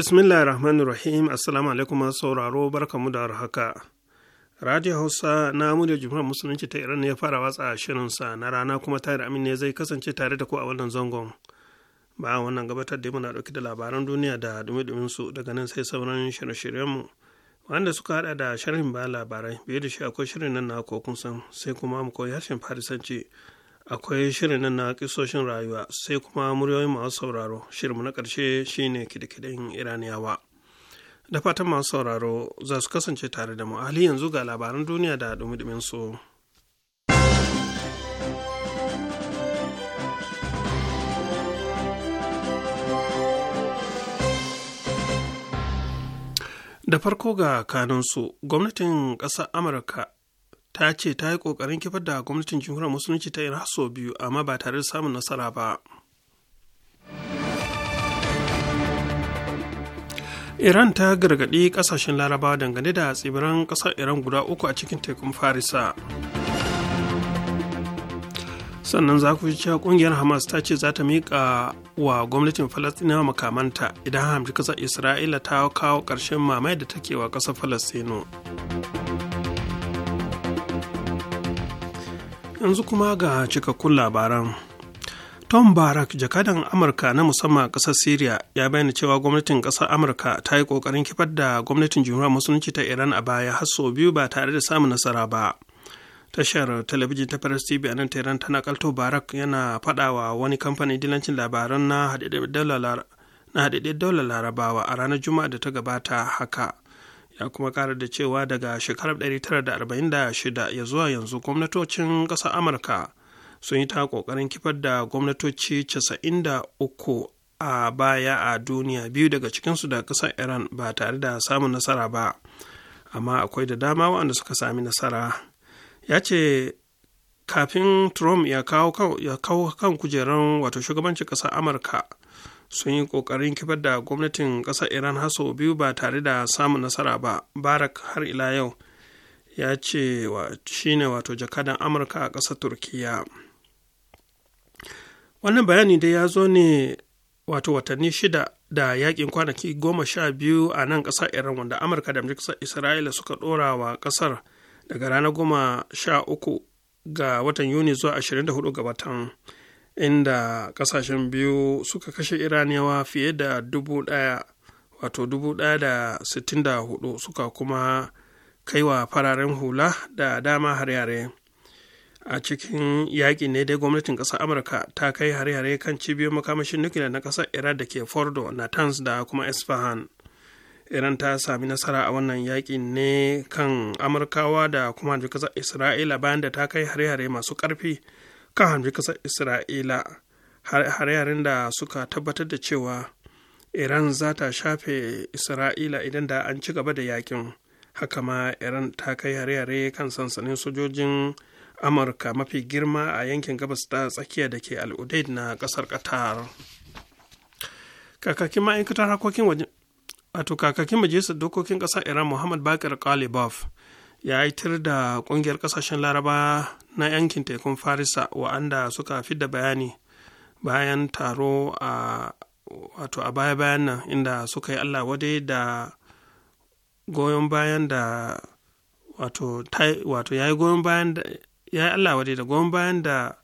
bismillahir rahmanir rahim assalamu alaikum sauraro barkamu da haka radio hausa na murya jumhuriyar musulunci ta iran ya fara watsa shirinsa na rana kuma ta amin ne zai kasance tare da ku a wannan zangon ba wannan gabatar da muna dauki da labaran duniya da dumi su daga nan sai sauran shirye-shiryenmu wanda suka hada da sharhin ba labarai bai da shi akwai shirin nan na kun san sai kuma mu koyi harshen farisanci akwai shirin nan na kisoshin rayuwa sai kuma muryoyin masu sauraro shirinmu na ƙarshe shine kidikidin iraniyawa da fatan masu sauraro za su kasance tare da mu hali yanzu ga labaran duniya da dumidumin su. da farko ga kanunsu gwamnatin ƙasar amurka ta ce ta yi ƙoƙarin kifar da gwamnatin jamhuriyar musulunci ta iran sau biyu amma ba tare da samun nasara ba iran ta gargaɗi ƙasashen larabawa dangane da tsibiran ƙasar iran guda uku a cikin tekun farisa sannan za ku cewa ƙungiyar hamas ta ce za ta miƙa wa gwamnatin falastinawa makamanta idan hamshi ƙasar isra'ila ta kawo ƙarshen mamaye da take wa ƙasar falastinu yanzu kuma ga cikakkun labaran tom barak jakadan amurka na musamman a ƙasar syria ya bayyana cewa gwamnatin ƙasar amurka ta yi ƙoƙarin kifar da gwamnatin jumhuriyar musulunci ta iran a baya har sau biyu ba tare da samun nasara ba tashar talabijin ta Paris TV a nan Tehran tana kalto Barak yana fadawa wani kamfanin dilancin labaran na haɗaɗɗen daular larabawa a ranar Juma'a da ta gabata haka. ya kuma kara da cewa daga shekarar 1946 ya zuwa yanzu gwamnatocin ƙasar amurka sun yi ta ƙoƙarin kifar da gwamnatoci 93 a baya a duniya biyu daga cikinsu da ƙasar iran ba tare da samun nasara ba amma akwai da dama waɗanda suka sami nasara ya ce kafin trump ya kawo kan kujerar wato shugabancin ƙasar amurka sun yi ƙoƙarin kifar da gwamnatin ƙasar iran haso biyu ba tare da samun nasara ba barak har ila yau ya ce shine wato jakadan amurka a ƙasar turkiya wannan bayani dai ya zo ne wato watanni shida da yakin kwanaki goma sha biyu a nan ƙasar iran wanda amurka da majalisar isra'ila suka ɗora wa ƙasar daga ranar goma sha uku ga watan yuni zuwa ashirin ga watan inda kasashen biyu suka kashe iraniyawa fiye da dubu daya wato dubu daya da sittin da hudu suka kuma kaiwa fararen hula da dama har-yare a cikin yaƙi ne dai gwamnatin ƙasar amurka ta kai hare-hare kan cibiyoyin makamashin nukila na ƙasar iran da ke fordo natanz da kuma isfahan iran ta sami nasara a wannan yaƙi ne kan amurkawa da kuma ƙasar isra'ila bayan da ta kai hare-hare masu ƙarfi kan hamji ƙasar isra'ila har yaren da suka tabbatar da cewa iran za ta shafe isra'ila idan da an ci gaba da yakin haka ma iran ta kai hare-hare kan sansanin sojojin amurka mafi girma a yankin gabas ta tsakiya da ke al'udaid na kasar qatar kakakin ma'aikatar harkokin waje wato kakakin majalisar dokokin kasar iran muhammad bakar kalibov ya aitar da kungiyar kasashen laraba na yankin tekun farisa wa'anda suka fidda bayani bayan taro a wato a baya bayan nan inda suka yi allah wade da goyon bayan da wato wato ya yi goyon bayan da ya yi allah wade da goyon bayan da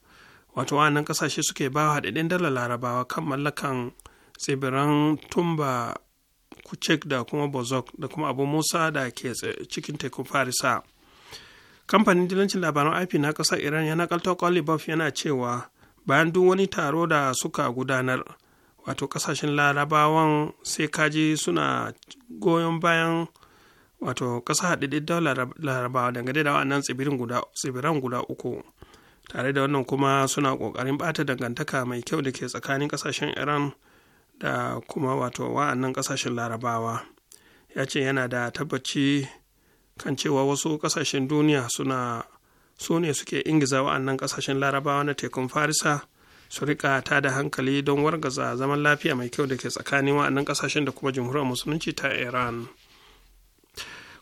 wato wa'annan kasashe suke ba haɗaɗɗen dalar larabawa kan mallakan tsibiran tumba kucek da kuma bozok da kuma abu musa da ke cikin tekun farisa kamfanin dilancin labaran ip na ƙasar iran ya nakalto kolibov yana cewa bayan duk wani taro da suka gudanar wato ƙasashen larabawan sai kaji suna goyon bayan wato ƙasa haɗaɗɗen daular larabawa dangane da wa'annan tsibiran guda uku tare da wannan kuma suna ƙoƙarin ɓata dangantaka mai kyau da ke tsakanin ƙasashen iran da kuma wato wa'annan ƙasashen larabawa ya ce yana da tabbaci kan cewa wasu ƙasashen duniya suna su ne suke ingiza wa'annan kasashen larabawa na tekun farisa su rika ta da hankali don wargaza zaman lafiya mai kyau da ke tsakanin wa'annan ƙasashen da kuma jamhuriyar musulunci ta iran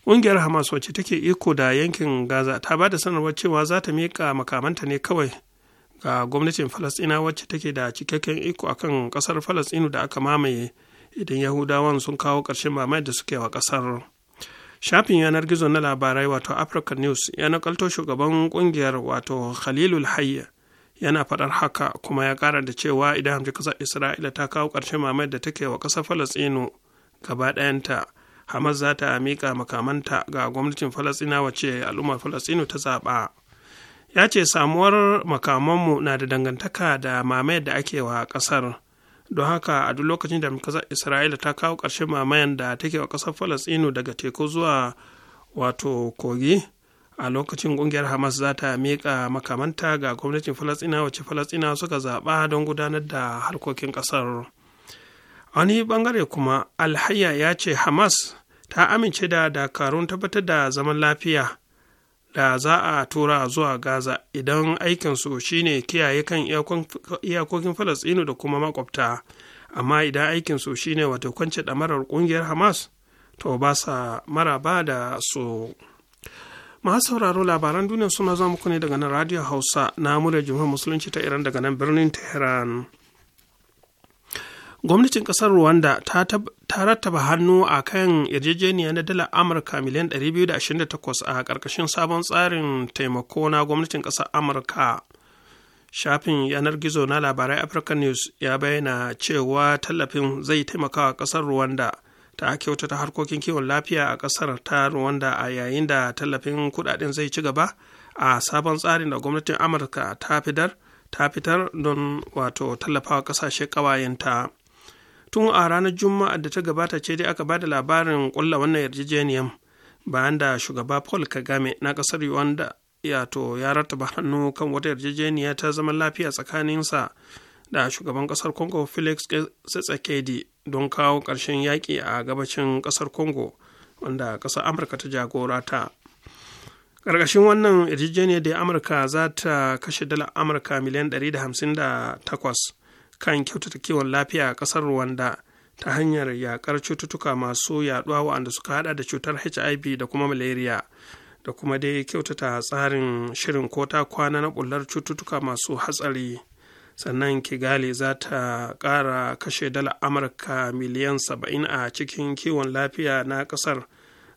ƙungiyar hamas wacce take iko da yankin gaza ta ba da sanarwar cewa za ta miƙa makamanta ne kawai ga gwamnatin falasɗina wacce take da cikakken iko akan ƙasar falasɗinu da aka mamaye idan yahudawan sun kawo ƙarshen mamaye da suke wa ƙasar shafin yanar gizo na labarai wato african news ya nakalto shugaban kungiyar wato khalilul hayya yana faɗar haka kuma ya ƙara da cewa idan hamji ƙasar isra'ila ta kawo ƙarshen mamayar da take wa ƙasar falasinu gaba ɗayanta hamas za ta miƙa makamanta ga gwamnatin falasɗina wacce al'ummar falasɗinu ta zaɓa ya ce samuwar makamanmu na da dangantaka da mamayar da ake wa ƙasar don haka a duk lokacin da ƙasar isra'ila ta kawo ƙarshen mamayan da take wa ƙasar falastinu daga teku zuwa wato kogi a lokacin ƙungiyar hamas za ta miƙa makamanta ga gwamnatin Falasina wacce Falasina suka zaɓa don gudanar da harkokin ƙasar wani ɓangare kuma alhayya ya ce hamas ta amince da dakarun tabbatar da zaman lafiya da za a tura zuwa gaza idan aikinsu ne kiyaye kan iyakokin falasɗinu da kuma makwabta amma idan aikinsu ne wato kwance ɗamarar ƙungiyar hamas to ba sa mara ba da su masu sauraro labaran duniya suna za muku ne daga nan radio hausa na murar jimhuriyar musulunci ta iran daga nan birnin tehran gwamnatin kasar rwanda ta rattaba hannu a kan yarjejeniya na dala amurka miliyan 228 a ƙarƙashin sabon tsarin taimako na gwamnatin kasar amurka shafin yanar gizo na labarai african news ya bayyana cewa tallafin zai taimaka wa kasar rwanda ta ta harkokin kiwon lafiya a kasar ta rwanda a yayin da tallafin kudaden zai ci gaba a sabon tsarin da gwamnatin amurka ta fitar don wato tallafawa ƙasashe ƙawayenta tun a ranar juma'a da ta gabata ce dai aka bada labarin kulla wannan yarjejeniyar bayan da shugaba paul kagame na ƙasar ya to ya rattaba hannu kan wata yarjejeniya ta zama lafiya tsakaninsa da shugaban kasar congo felix tsakedi don kawo karshen yaƙi a gabacin kasar congo wanda kasar amurka ta jagora ta ƙarƙashin wannan yarjejeniyar da amurka za ta kashe dala amurka miliyan 158 kan kyautata kiwon lafiya a ƙasar Rwanda ta hanyar yaƙar cututtuka masu yaɗuwa waɗanda suka haɗa da cutar HIV da kuma malaria da kuma dai kyautata tsarin shirin ko ta kwana na ɓullar cututtuka masu hatsari. Sannan Kigali za ta ƙara kashe dala Amurka miliyan saba'in a cikin kiwon lafiya na ƙasar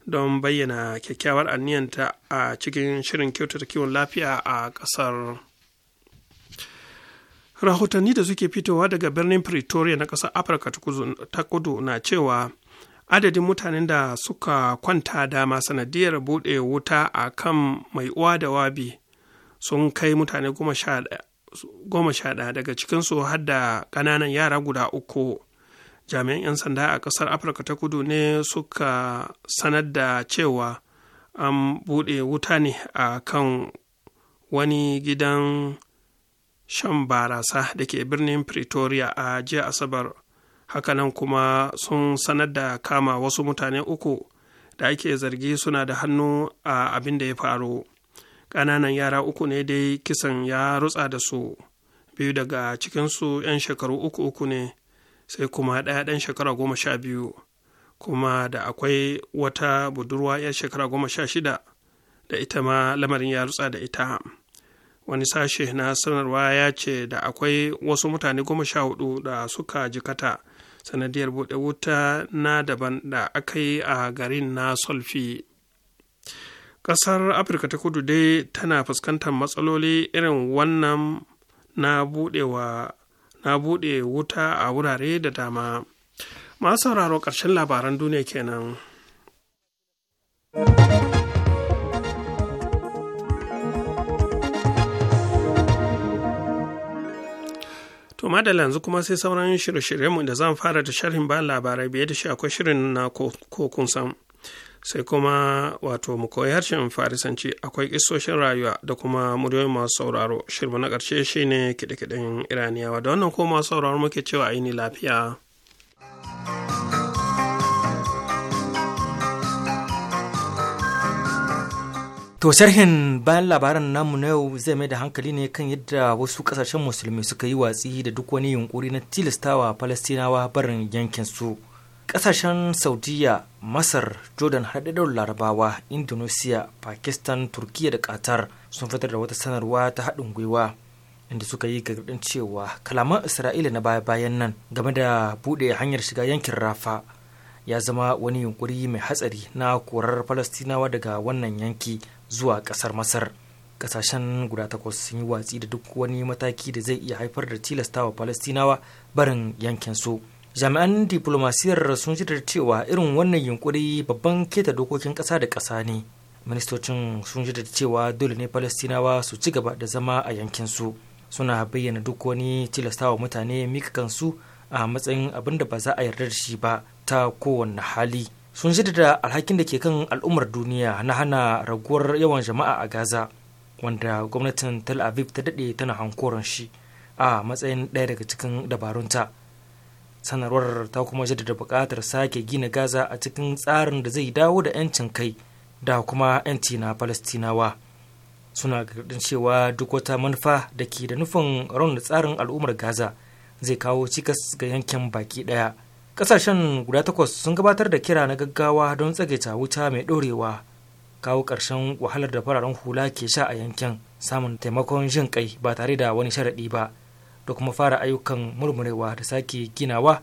don bayyana kyakkyawar aniyanta a cikin shirin kyautata kiwon lafiya a ƙasar. rahotanni da suke fitowa daga birnin pretoria na ƙasar afirka ta kudu na cewa adadin mutanen da suka kwanta dama sanadiyar buɗe wuta a kan mai uwa da wabi sun kai mutane goma sha ɗaya daga cikinsu har da ƙananan yara guda uku jami'an 'yan sanda a ƙasar afirka ta kudu ne suka sanar da cewa an buɗe wuta ne a kan wani gidan shan barasa da ke birnin pretoria a jiya asabar hakanan kuma sun sanar da kama wasu mutane uku da ake zargi suna da hannu a abin da ya faru ƙananan yara uku ne dai kisan ya rutsa da su biyu daga cikinsu 'yan shekaru uku uku ne sai kuma ɗaya ɗan shekara goma sha biyu kuma da akwai wata budurwa 'yan shekara goma sha shida da ita ma lamarin ya rutsa da ita wani sashe na sanarwa ya ce da akwai wasu mutane goma sha hudu da suka jikata sanadiyar bude wuta na daban da aka yi a garin na solfi ƙasar afirka ta kudu dai tana fuskantar matsaloli irin wannan na bude wuta a wurare da dama masu sauraro ƙarshen labaran duniya kenan. To madalla yanzu kuma sai sauran shirye-shiryenmu da zan fara da sharhin ba labarai biye da shi akwai shirin na kokun san Sai kuma wato mu koyi harshen farisanci akwai kisoshin rayuwa da kuma muryoyin masu sauraro. Shirma na ƙarshe shine kiɗe-kiɗen Iraniyawa da wannan ko masu sauraro muke cewa aini lafiya. To sharhin bayan labaran namu na yau zai mai da hankali ne kan yadda wasu kasashen musulmi suka yi watsi da duk wani yunkuri na tilastawa Falastinawa barin yankin su. Kasashen Saudiya, Masar, Jordan haɗaɗɗar Larabawa, Indonesia, Pakistan, Turkiyya da Qatar sun fitar da wata sanarwa ta haɗin gwiwa inda suka yi gargaɗin cewa kalaman Isra'ila na baya-bayan nan game da buɗe hanyar shiga yankin Rafa ya zama wani yunkuri mai hatsari na korar Falastinawa daga wannan yanki. zuwa ƙasar masar ƙasashen guda takwas sun yi watsi da duk wani mataki da zai iya haifar da tilastawa palestinawa barin yankinsu jami'an diplomasiyar sun ji da cewa irin wannan yunkuri babban keta dokokin ƙasa da ƙasa ne ministocin sun ji da cewa dole ne palestinawa su ci gaba da zama a yankin su suna bayyana duk wani tilastawa mutane mika kansu a matsayin abin da ba za a yarda da shi ba ta kowane hali sun da alhakin da ke kan al'ummar duniya na hana raguwar yawan jama'a a gaza wanda gwamnatin tel aviv ta daɗe tana hankoron shi a matsayin ɗaya daga cikin dabarunta sanarwar ta kuma jaddada buƙatar sake gina gaza a cikin tsarin da zai dawo da 'yancin kai da kuma 'yanci na falastinawa suna gargaɗin cewa duk wata manufa da ke da nufin raunin tsarin al'ummar gaza zai kawo cikas ga yankin baki ɗaya Ƙasashen guda takwas sun gabatar da kira na gaggawa don tsagaita wuta mai ɗorewa kawo ƙarshen wahalar da fararen hula ke sha a yankin samun taimakon jin kai ba tare da wani sharaɗi ba da kuma fara ayyukan murmurewa da sake ginawa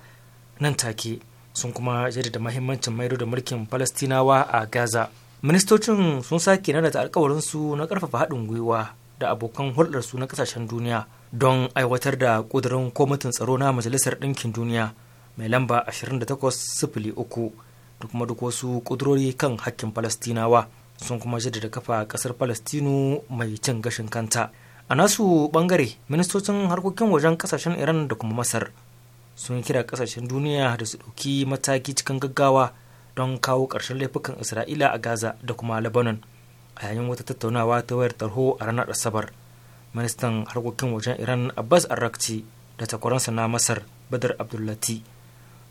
nan take sun kuma jaddada mahimmancin maido da mulkin falastinawa a gaza ministocin sun sake nanata alkawarinsu na karfafa haɗin gwiwa da abokan hulɗarsu na ƙasashen duniya don aiwatar da ƙudurin kwamitin tsaro na majalisar ɗinkin duniya mai lamba 2803 da kuma duk wasu ƙudurori kan hakkin falastinawa sun kuma jaddada kafa ƙasar falastinu mai cin gashin kanta a nasu bangare ministocin harkokin wajen kasashen iran da kuma masar sun kira kasashen duniya da su ɗauki mataki cikin gaggawa don kawo ƙarshen laifukan isra'ila a gaza da kuma lebanon a yayin wata tattaunawa ta wayar tarho a ranar asabar ministan harkokin wajen iran abbas arrakci da takwaransa na masar badar abdullati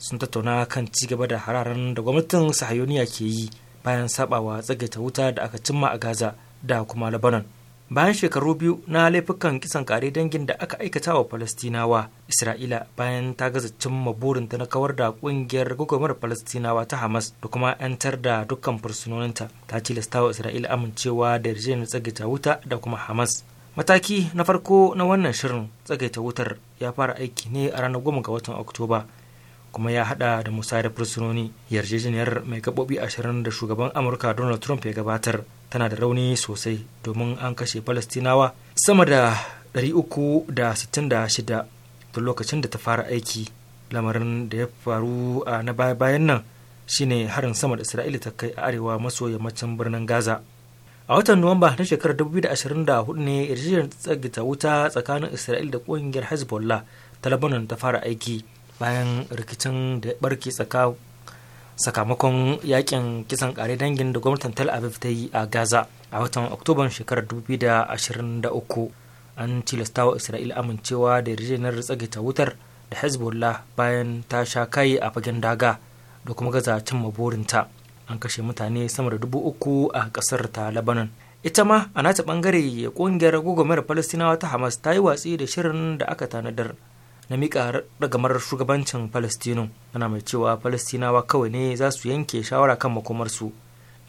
sun tattauna kan ci gaba da hararen da gwamnatin sahayoniya ke yi bayan sabawa tsagaita wuta da aka cimma a gaza da kuma lebanon bayan shekaru biyu na laifukan kisan kare dangin da aka aikata wa falastinawa isra'ila bayan ta gaza cimma burinta na kawar da kungiyar gwagwarmar falastinawa ta hamas da kuma 'yantar da dukkan fursunoninta ta tilasta wa isra'ila amincewa da yarjejeniyar tsagaita wuta da kuma hamas mataki na farko na wannan shirin tsagaita wutar ya fara aiki ne a ranar goma ga watan oktoba kuma ya hada da musayar fursunoni yarjejeniyar mai gaɓoɓi ashirin da shugaban amurka donald trump ya gabatar tana da rauni sosai domin an kashe palestinawa. sama da 366 tun lokacin da ta fara aiki lamarin da ya faru a na baya-bayan nan shine harin sama da isra'ila ta kai a arewa maso yammacin birnin gaza a watan nuwamba na shekarar 2024 ne yarjejeniyar tsagita wuta tsakanin isra'ila da ƙungiyar hezbollah ta ta fara aiki bayan rikicin da barke sakamakon yakin kisan kare dangin da gwamnatin tel aviv ta yi a gaza a watan oktoban shekarar 2023 an tilastawa isra'il amincewa da yarjejeniyar tsagaita wutar da hezbollah bayan ta sha kai a fagen daga da kuma gaza cin burinta an kashe mutane sama da dubu uku a kasar ta lebanon ita ma a nata bangare kungiyar gugumar falastinawa ta hamas ta yi watsi da shirin da aka tanadar na miƙa ragamar shugabancin palestino ana mai cewa palestinawa kawai ne za su yanke shawara kan makomarsu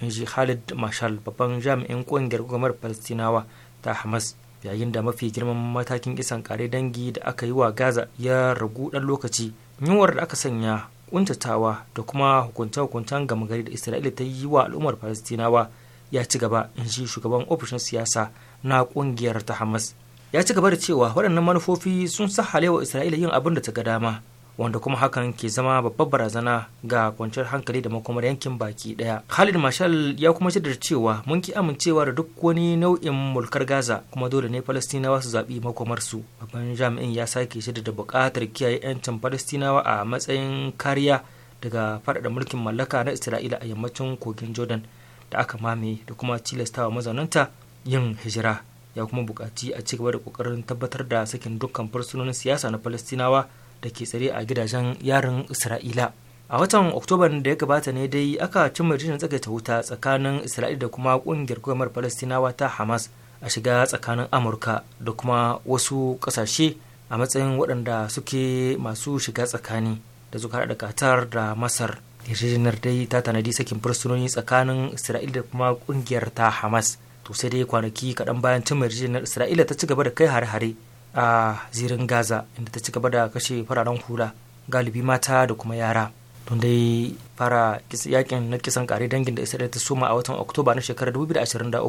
in ji khalid mashal babban jami'in ƙungiyar gwamnar palestinawa ta hamas yayin da mafi girman matakin isan kare dangi da aka yi wa gaza ya ragu ɗan lokaci yunwar da aka sanya kuntatawa da kuma hukunce-hukuncen gama gari da isra'ila ta yi wa al'ummar palestinawa ya ci gaba in ji shugaban ofishin siyasa na ƙungiyar ta hamas ya ci gaba da cewa waɗannan manufofi sun sa halewa isra'ila yin abin da ta ga dama wanda kuma hakan ke zama babbar barazana ga kwanciyar hankali da makomar yankin baki daya khalid marshal ya kuma da cewa mun ki amincewa da duk wani nau'in mulkar gaza kuma dole ne falastinawa su zaɓi makomar su babban jami'in ya sake da buƙatar kiyaye 'yancin falastinawa a matsayin kariya daga faɗaɗa mulkin mallaka na isra'ila a yammacin kogin jordan da aka mame da kuma tilastawa mazaunanta yin hijira ya kuma bukaci a cigaba da kokarin tabbatar da sakin dukkan fursunonin siyasa na falastinawa da ke tsare a gidajen yaran isra'ila a watan oktoban da ya gabata ne dai aka cimma rijiyar ta wuta tsakanin isra'ila da kuma kungiyar gwamnatin falastinawa ta hamas a shiga tsakanin amurka da kuma wasu kasashe a matsayin waɗanda suke masu shiga tsakani da suka da katar da masar yarjejeniyar dai ta tanadi sakin fursunoni tsakanin isra'ila da kuma kungiyar ta hamas to sai dai kwanaki kaɗan bayan cin yarjejeniyar isra'ila ta ci gaba da kai hare-hare a zirin gaza inda ta ci gaba da kashe fararen hula galibi mata da kuma yara don dai fara yakin na kisan kare dangin da isra'ila ta soma a watan oktoba na shekarar 2023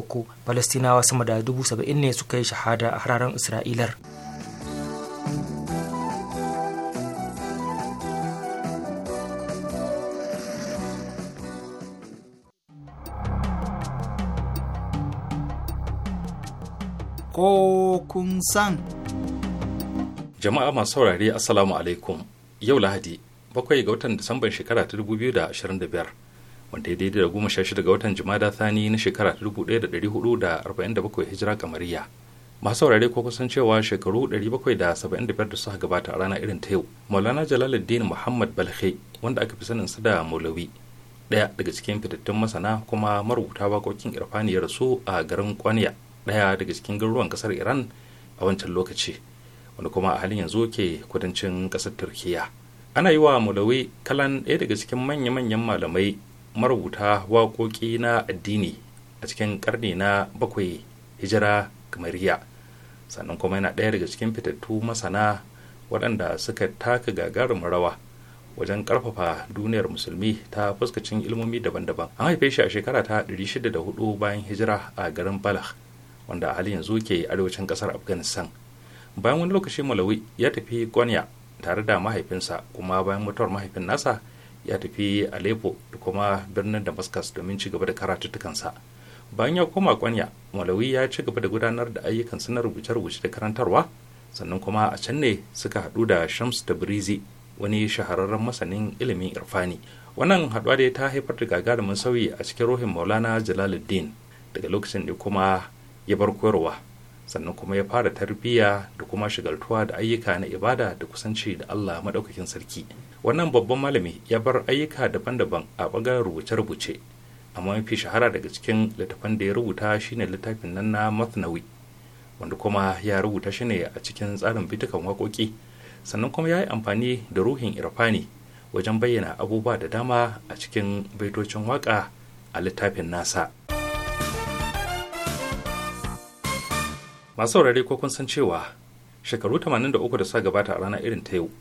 palestinawa sama da 70,000 ne suka yi shahada a hararen isra'ilar ko kun san. Jama'a masu saurari Assalamu alaikum yau Lahadi bakwai ga watan Disamban shekara ta biyar wanda ya daidai da goma sha shida ga watan Jumada Thani na shekara ta dubu ɗaya da da da ɗari hudu arba'in bakwai hijira kamariya. masu saurari ko kusan cewa shekaru bakwai da da da biyar suka gabata a rana irin ta yau maulana jalaluddin muhammad balhe wanda aka fi sanin su da maulawi daya daga cikin fitattun masana kuma marubuta waƙoƙin irfaniyar su a garin kwaniya ɗaya daga cikin garuruwan ƙasar iran a wancan lokaci wanda kuma a halin yanzu ke kudancin ƙasar turkiya ana yi wa mulawi kalan ɗaya daga cikin manya-manyan malamai marubuta waƙoƙi na addini a cikin ƙarni na bakwai hijira kamariya sannan kuma yana ɗaya daga cikin fitattu masana waɗanda suka taka gagarumin rawa wajen ƙarfafa duniyar musulmi ta fuskacin ilmomi daban-daban an haife shi a shekara ta 604 bayan hijira a garin balagh wanda a halin yanzu ke arewacin kasar afghanistan bayan wani lokaci malawi ya tafi gwanya tare da mahaifinsa kuma bayan mutuwar mahaifin nasa ya tafi aleppo da kuma birnin damascus domin ci gaba da karatuttukansa bayan ya koma kwanya malawi ya ci gaba da gudanar da ayyukan na rubuce-rubuce da karantarwa sannan kuma a can ne suka haɗu da shams da birizi wani shahararren masanin ilimin irfani wannan haɗuwa dai ta haifar da gagarumin sauyi a cikin ruhin maulana jalaluddin daga lokacin da kuma ya bar koyarwa sannan kuma ya fara tarbiyya da kuma shigaltuwa da ayyuka na ibada da kusanci da Allah maɗaukakin sarki wannan babban malami ya bar ayyuka daban-daban a ɓangaren rubuce-rubuce amma mafi shahara daga cikin littafan da ya rubuta shine littafin nan na Mathnawi wanda kuma ya rubuta shi ne a cikin tsarin bitukan waƙoƙi sannan kuma ya yi amfani da ruhin irfani wajen bayyana abubuwa da dama a cikin baitocin waƙa a littafin nasa masu saurare ko kun san cewa shekaru 83 da suka gabata a rana irin ta yau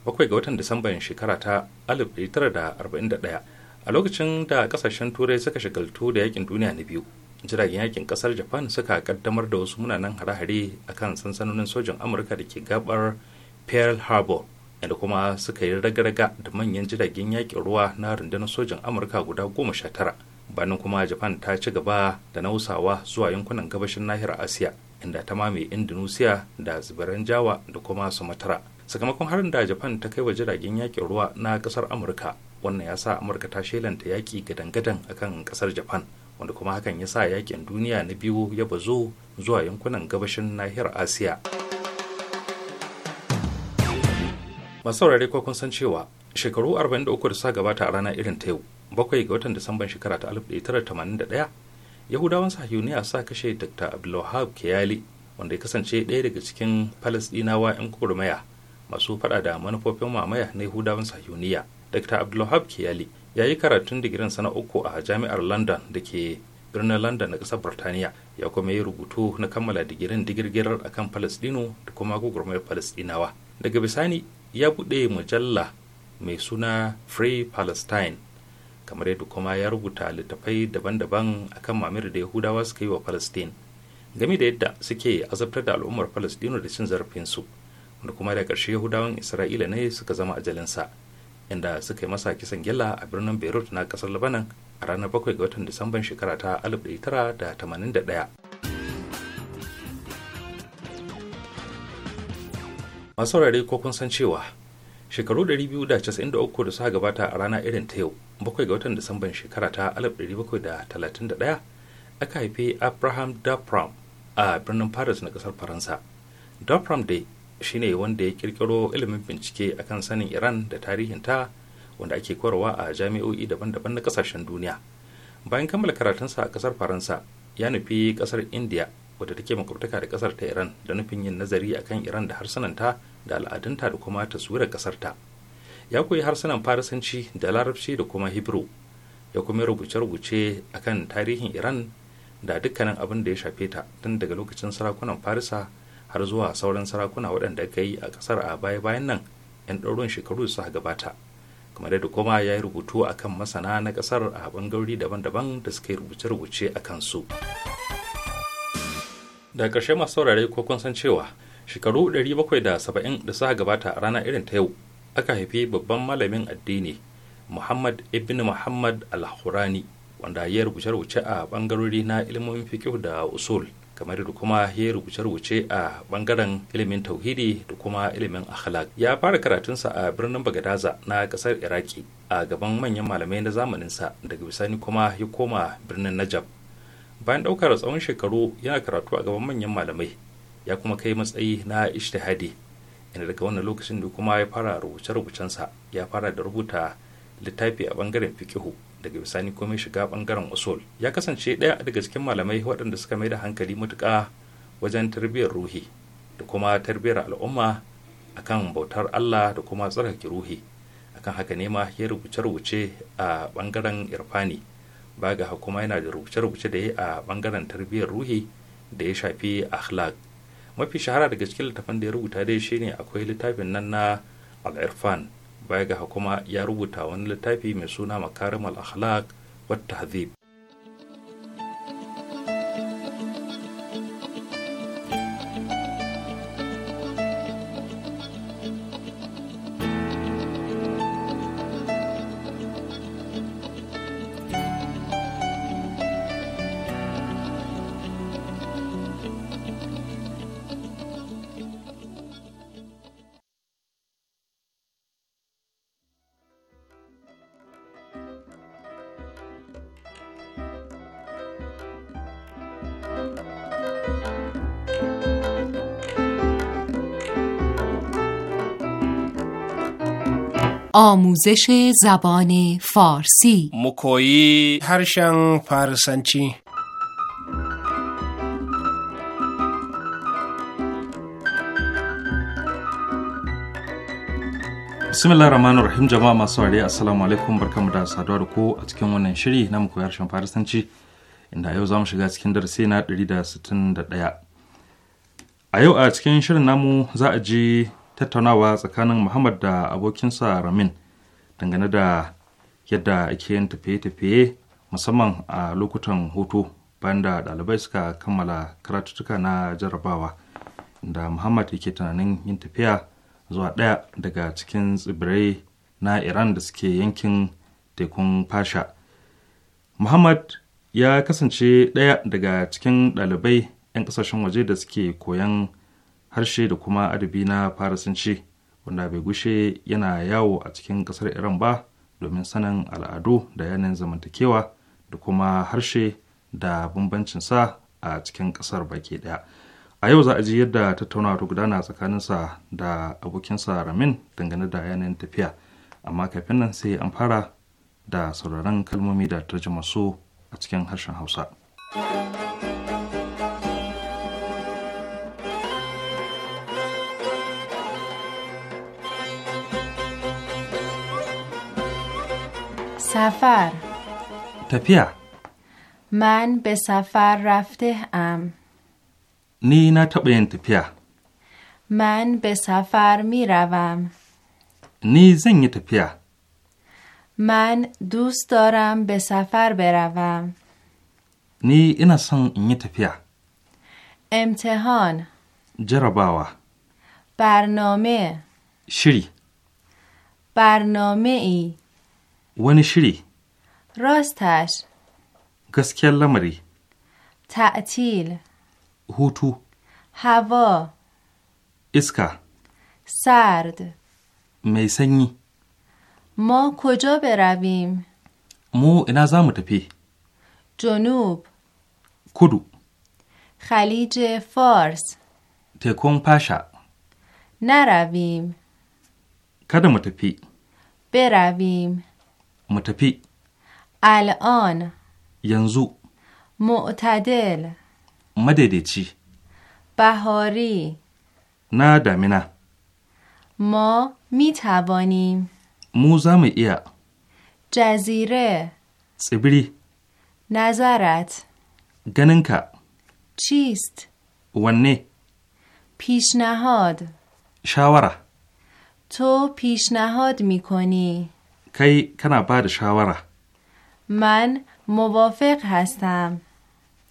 bakwai ga watan disamban shekara ta 1941 a lokacin da kasashen turai suka shigaltu da yakin duniya na biyu jiragen yakin kasar japan suka kaddamar da wasu munanan hare-hare a kan sansanonin sojin amurka da ke gabar pearl harbor inda kuma suka yi raga-raga da manyan jiragen yakin ruwa na rundunar sojin amurka guda goma sha tara bayan kuma japan ta ci gaba da nausawa zuwa yankunan gabashin nahiyar asiya inda ta mame indonesia da tsibiran jawa da kuma sumatra sakamakon harin da japan ta kai wa jiragen yakin ruwa na kasar amurka wannan ya sa amurka ta shelanta yaki gadan-gadan akan kasar japan wanda kuma hakan ya sa yakin duniya na biyu ya bazo zuwa yankunan gabashin nahiyar asiya masu saurare ko kun san cewa shekaru 43 da sa gabata a rana irin ta yau bakwai ga watan disamban shekara ta 1981 yahudawan sahuniya sa kashe dr abdulwahab kiyali wanda ya kasance ɗaya daga cikin falasɗinawa 'yan kurmaya masu faɗa da manufofin mamaya na yahudawan sahiyuniya dr abdulwahab kiyali ya yi karatun digirin sana uku a jami'ar london da ke birnin london na ƙasar burtaniya ya kuma yi rubutu na kammala digirin digirgirar akan falasɗinu da kuma gugurmayar falasɗinawa daga bisani ya buɗe mujalla mai suna free palestine kamar yadda kuma ya rubuta littafai daban-daban akan mamir da yahudawa suka yi wa palestine game da yadda suke azabtar da al'ummar palestino da cin zarafinsu wanda kuma da ƙarshe yahudawan isra'ila ne suka zama ajalinsa inda suka yi masa kisan gyalla a birnin beirut na kasar labanan a ranar 7 ga watan disamban shekara ta 1981 masu saurare ko kun san cewa shekaru 293 da suka gabata a rana irin ta yau bakwai ga watan disamban shekara ta 1731 aka haife abraham dapram a birnin paris na kasar faransa dapram dai shine wanda ya kirkiro ilimin bincike akan sanin iran da tarihinta wanda ake korowa a jami'o'i daban-daban na kasashen duniya bayan kammala karatunsa a kasar faransa ya nufi kasar india wadda take makwabtaka da kasar ta iran da nufin yin nazari akan iran da harsunanta da al'adunta da kuma taswirar ƙasarta ya koyi harsunan farisanci da larabci da kuma hebrew ya kuma rubuce-rubuce akan tarihin iran da dukkanin abin da ya shafe ta tun daga lokacin sarakunan farisa har zuwa sauran sarakuna waɗanda aka yi a ƙasar a baya-bayan nan 'yan ɗaurin shekaru su gabata kamar da kuma ya yi rubutu a kan masana na ƙasar a bangarori daban-daban da suka yi rubuce-rubuce a kansu da ƙarshe masu saurare ko kun san cewa shekaru 770 da suka gabata a rana irin ta yau aka haifi babban malamin addini muhammad ibn muhammad al-hurani wanda ya rubuce-rubuce a bangarori na ilimin fiqh da usul kamar da kuma ya rubuce-rubuce a bangaren ilimin tauhidi da kuma ilimin akhlaq ya fara karatunsa a birnin bagadaza na kasar iraki a gaban manyan malamai na zamanin sa daga bisani kuma ya koma birnin najab bayan daukar tsawon shekaru yana karatu a gaban manyan malamai ya kuma kai matsayi na ishtihadi inda daga wannan lokacin da kuma ya fara rubuce-rubucensa ya fara da rubuta littafi a bangaren fikihu daga bisani komai shiga bangaren usul ya kasance ɗaya daga cikin malamai waɗanda suka mai da hankali matuƙa wajen tarbiyyar ruhi da kuma tarbiyyar al'umma akan bautar Allah da kuma tsarkake ruhi akan haka ne ma ya rubuce-rubuce a bangaren irfani baga kuma yana da rubuce-rubuce da ya a bangaren tarbiyyar ruhi da ya shafi akhlaq mafi shahara daga cikin littafin da ya rubuta dai shine akwai littafin nan na al-irfan baya ga kuma ya rubuta wani littafi mai suna makarim al-akhlaq wat tahzib آموزش زبان فارسی مکویی هرشن فارسنچی bismillah rahim jama'a masu ware assalamu alaikum barkamu da saduwa da ku a cikin wannan shiri na muku harshen farisanci inda yau shiga cikin darasi na 161 a yau a cikin shirin namu za a je. tattaunawa tsakanin muhammad da abokinsa ramin dangane da yadda ake yin tafiye-tafiye musamman a lokutan hutu bayan da ɗalibai suka kammala karatuttuka na jarabawa da muhammad yake tunanin yin tafiya zuwa ɗaya daga cikin tsibirai na iran da suke yankin tekun fasha muhammad ya kasance ɗaya daga cikin ɗalibai 'yan ƙasashen waje da suke koyan harshe da kuma adabi na farasanci wanda bai gushe yana yawo a cikin ƙasar iran ba domin sanin al'adu da yanayin zamantakewa da kuma harshe da bambancinsa a cikin ƙasar baki ɗaya a yau za a ji yadda tattaunawa ta gudana tsakaninsa da abokinsa ramin dangane da yanayin tafiya amma kafin nan sai an fara da sauraron kalmomi da tarjuma su a cikin harshen hausa. سفر تپیا من به سفر رفته ام نی نه تبین تپیا من به سفر می روم نی زنگ تپیا من دوست دارم به سفر بروم نی این سن تپیا امتحان جرباوا برنامه شری برنامه ای شری راستش لمری. lamari تعطیل هوتو هوا iska سرد میسنی ما کجا برویم مو اینا زامو تفی جنوب کدو خلیج فارس تکون پاشا نرویم کدوم تفی برویم متپی الان ینزو معتدل مددیچی بهاری نه دامینا ما می توانیم موزم ایا جزیره سبری نظرت گننکا چیست ونه پیشنهاد شاوره تو پیشنهاد می کنی kai kana ba da shawara? Man muwafiq hastam.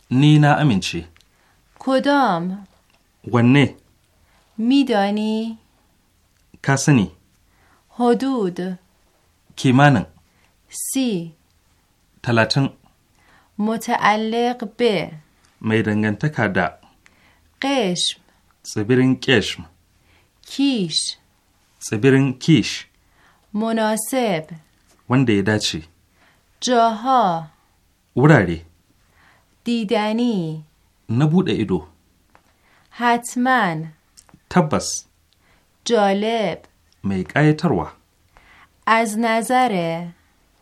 Ni na amince. Kudam. Wanne? Midani. Kasani. Hudud. Kimanin. Si. Talatin. Muta'alliq be. Mai dangantaka da. Kesh. Tsibirin Kesh. Kish. Tsibirin Kish. مناسب wanda ya dace Joho. wurare Didani. na buɗe ido Hatman. tabbas Joleb. mai ƙayatarwa Aznazare. نظر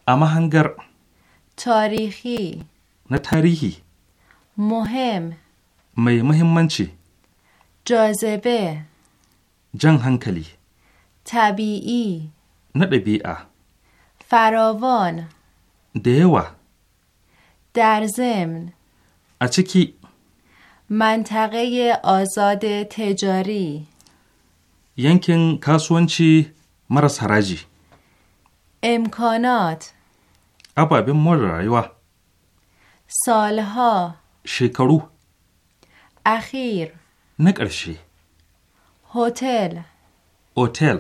a mahangar تاریخی na tarihi مهم mai muhimmanci Jozebe. jan hankali Tabii. نه طبیعه فراوان دیوه در ضمن اچکی منطقه آزاد تجاری ینکن کاسوانچی مرس حراجی امکانات ابابین مور رایوه سالها شکرو اخیر نکرشی هتل هتل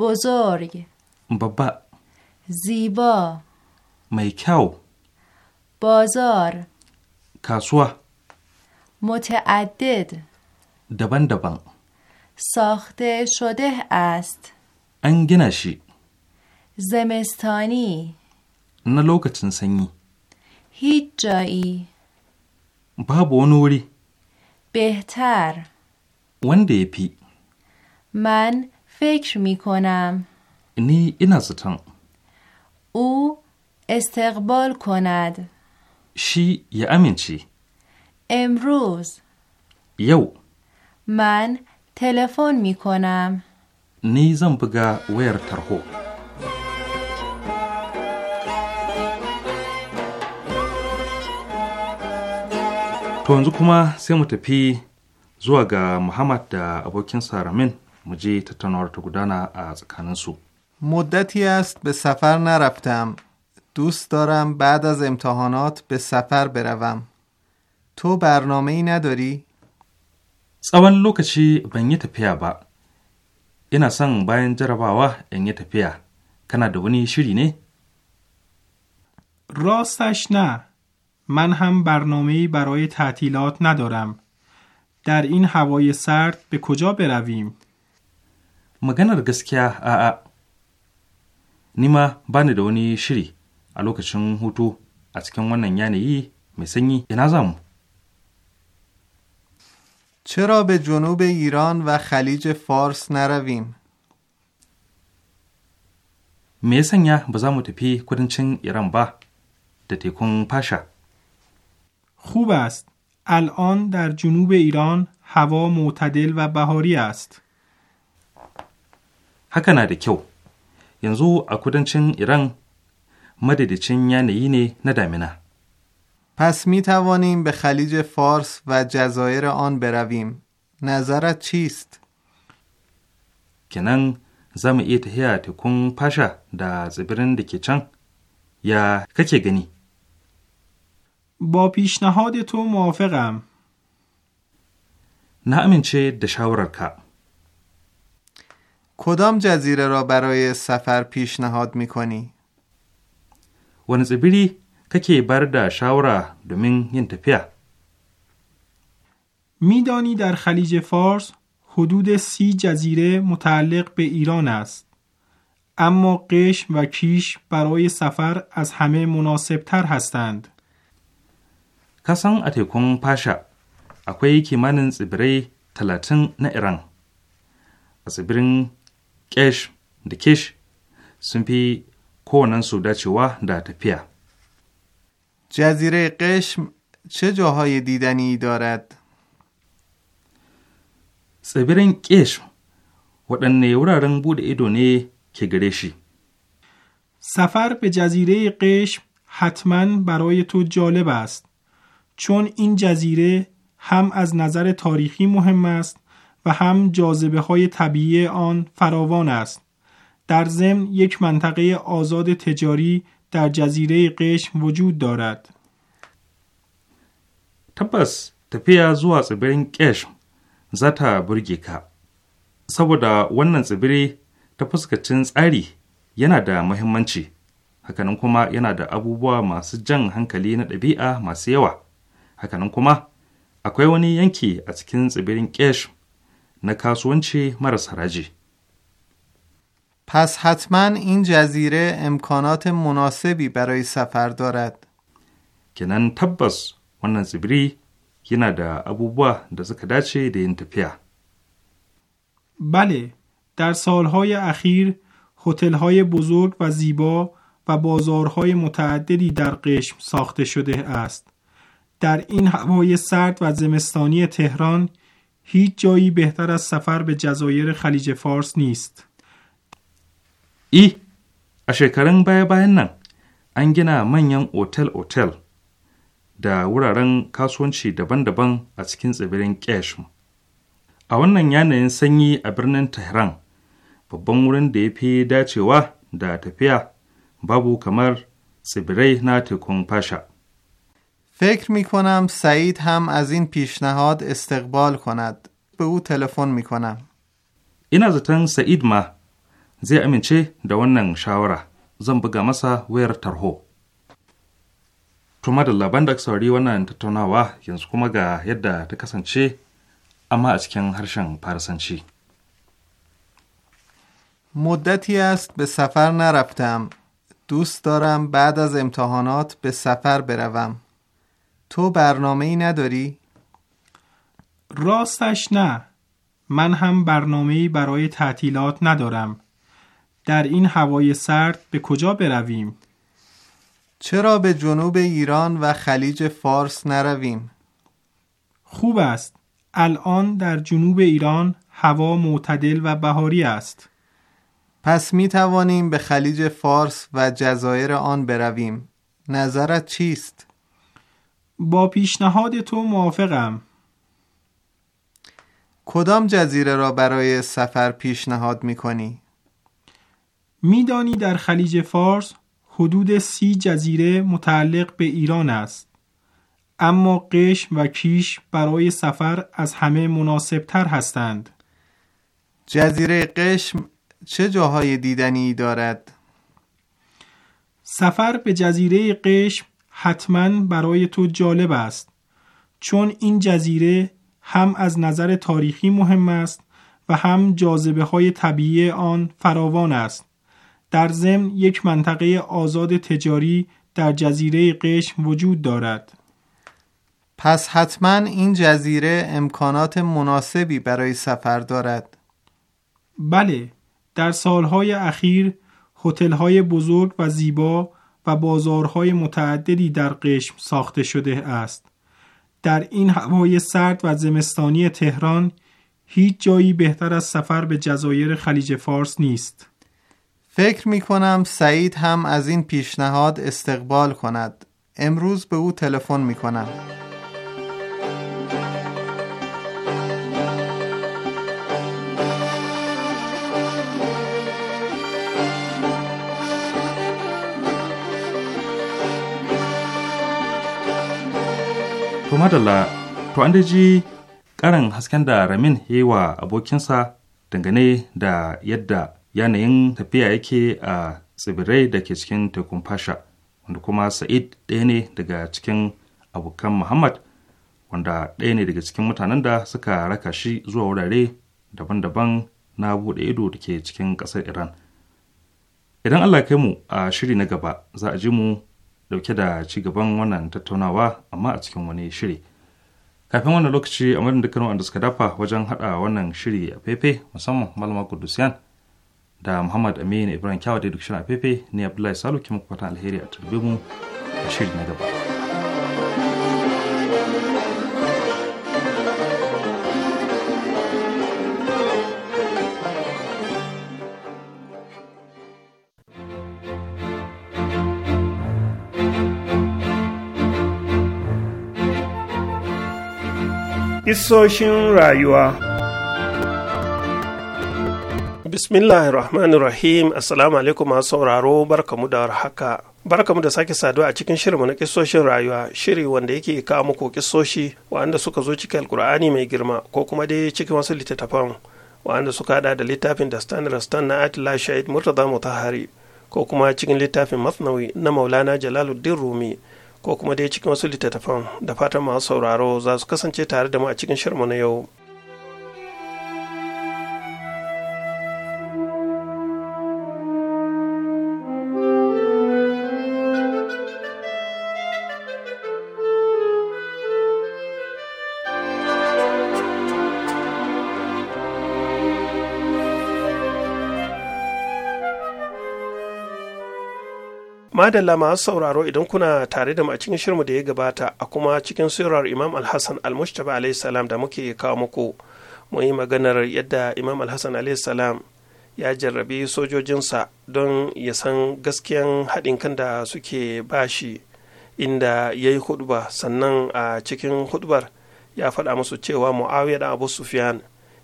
بزرگ بابا زیبا میکاو بازار کاسوا متعدد دبن دبن ساخته شده است انگنشی زمستانی نه لوکacin sanyi هیچ جایی babu wani wuri بهتر wanda ya fi من فکر می کنم نی اینا زتن او استقبال کند شی یا امین چی امروز یو من تلفن می کنم نی زن بگا ویر ترهو To yanzu kuma sai mu tafi zuwa ga Muhammad da abokinsa Ramin مجی تتنار تو گدانا از کاننسو مدتی است به سفر نرفتم دوست دارم بعد از امتحانات به سفر بروم تو برنامه ای نداری؟ tsawon lokaci ban yi tafiya ba ina son bayan jarabawa in yi tafiya kana da wani shiri راستش نه من هم برنامه برای تعطیلات ندارم در این هوای سرد به کجا برویم maganar gaskiya a'a nima ba ni da wani shiri a lokacin hutu a cikin wannan yanayi mai sanyi ina za mu چرا به جنوب ایران و خلیج فارس نرویم؟ می سنیا بزامو تپی کدنچن ایران با دتیکون پاشا خوب است الان در جنوب ایران هوا معتدل و بهاری است haka na da kyau yanzu a kudancin iran madadicin yanayi ne na damina پس می توانیم به خلیج فارس و جزایر آن برویم. نظرت چیست؟ کنن زم ایت هیا تکون پاشا دا زبرن دکیچن یا کچه گنی؟ با پیشنهاد تو موافقم. نه امین چه دشاورر که. کدام جزیره را برای سفر پیشنهاد می کنی؟ wani که kake برد شاورا دومین میدانی در خلیج فارس حدود سی جزیره متعلق به ایران است اما قشم و کیش برای سفر از همه مناسبتر هستند کسان اتکون پاشا اکوی کمانن من تلاتن na Iran. ایران. کش da kish sun fi kowanensu dacewa جزیره قشم چه جاهای دیدنی دارد؟ tsibirin ƙish و wuraren رنگ بود ne ke سفر به جزیره قشم حتما برای تو جالب است چون این جزیره هم از نظر تاریخی مهم است و هم جاذبه های طبیعی آن فراوان است. در ضمن یک منطقه آزاد تجاری در جزیره قشم وجود دارد. تپس تپیا زوا tsibirin قشم za ta burge ka saboda wannan tsibiri ta fuskacin tsari yana da muhimmanci hakanan kuma yana da abubuwa masu jan hankali na ɗabi'a masu yawa hakanan kuma akwai wani yanki a cikin tsibirin ƙesh نه مرس پس حتما این جزیره امکانات مناسبی برای سفر دارد کنن تبس wannan tsibiri yana da abubuwa da suka dace da بله در سالهای اخیر هتل‌های بزرگ و زیبا و بازارهای متعددی در قشم ساخته شده است. در این هوای سرد و زمستانی تهران هیچ جایی بهتر از سفر به جزایر خلیج فارس a shekarun baya-bayan nan an gina manyan otal-otal da wuraren kasuwanci daban-daban a cikin tsibirin Keshm. A wannan yanayin sanyi a birnin Tehran, babban wurin da ya fi dacewa da tafiya babu kamar tsibirai na tekun fasha. فکر می کنم سعید هم از این پیشنهاد استقبال کند. به او تلفن می کنم. اینا زتن سعید ما زی امینچه چه wannan شاوره Zan buga masa ویر ترهو Tuma da laban da saurari wannan tattaunawa yanzu kuma ga yadda ta اما از کن هرشن پرسنچی مدتی است به سفر نرفتم دوست دارم بعد از امتحانات به سفر بروم تو برنامه ای نداری؟ راستش نه من هم برنامه ای برای تعطیلات ندارم در این هوای سرد به کجا برویم؟ چرا به جنوب ایران و خلیج فارس نرویم؟ خوب است الان در جنوب ایران هوا معتدل و بهاری است پس می توانیم به خلیج فارس و جزایر آن برویم نظرت چیست؟ با پیشنهاد تو موافقم کدام جزیره را برای سفر پیشنهاد می کنی؟ میدانی در خلیج فارس حدود سی جزیره متعلق به ایران است اما قشم و کیش برای سفر از همه تر هستند جزیره قشم چه جاهای دیدنی دارد؟ سفر به جزیره قشم حتما برای تو جالب است چون این جزیره هم از نظر تاریخی مهم است و هم جاذبه های طبیعی آن فراوان است در ضمن یک منطقه آزاد تجاری در جزیره قشم وجود دارد پس حتما این جزیره امکانات مناسبی برای سفر دارد بله در سالهای اخیر هتل‌های بزرگ و زیبا و بازارهای متعددی در قشم ساخته شده است. در این هوای سرد و زمستانی تهران هیچ جایی بهتر از سفر به جزایر خلیج فارس نیست. فکر می کنم سعید هم از این پیشنهاد استقبال کند. امروز به او تلفن می کنم. To madalla, to an ji ƙarin hasken da Ramin ya yi wa abokinsa dangane da yadda yanayin tafiya yake a tsibirai da ke cikin tekun fasha, wanda kuma Sa'id ɗaya ne daga cikin abokan Muhammad, wanda ɗaya ne daga cikin mutanen da suka raka shi zuwa wurare daban-daban na buɗe ido da ke cikin ƙasar Iran. Idan Allah kai mu a shiri na gaba, za a ji mu dauke da ci gaban wannan tattaunawa amma a cikin wani shiri kafin wannan lokaci a madadin dukkan wanda suka dafa wajen hada wannan shiri a fefe musamman malama kudusiyan da muhammad aminu ibrahim kyawa da duk shirin a fefe ne abdullahi salu ke muku fatan alheri a turbe mu a shiri na gaba. Isoshin rayuwa Bismillahir Rahmanir Rahim Assalamu alaikum masu sauraro barkamu da haka. Barkamu da sake saduwa a cikin shirinmu na kisoshin rayuwa shiri wanda yake kawo muku kisoshi waɗanda suka zo cikin alkur'ani mai girma ko kuma dai cikin wasu littattafan waɗanda suka haɗa da littafin da stan stan na Atila Shahid Murtaza Mutahari ko kuma cikin littafin Masnawi na Maulana Jalaluddin Rumi ko kuma dai cikin wasu littattafan da fatan masu sauraro za su kasance tare da mu a cikin shirmu na yau. madalla masu sauraro idan kuna tare da mu a cikin shirmu da ya gabata a kuma cikin surar imam alhassan almustaba alayhi da muke kawo muku muyi maganar yadda imam alhassan alayhi ya jarrabi sojojinsa don ya san gaskiyan haɗin kan da suke bashi inda ya yi hudba sannan a cikin hudbar ya faɗa musu cewa muawiya da abu sufyan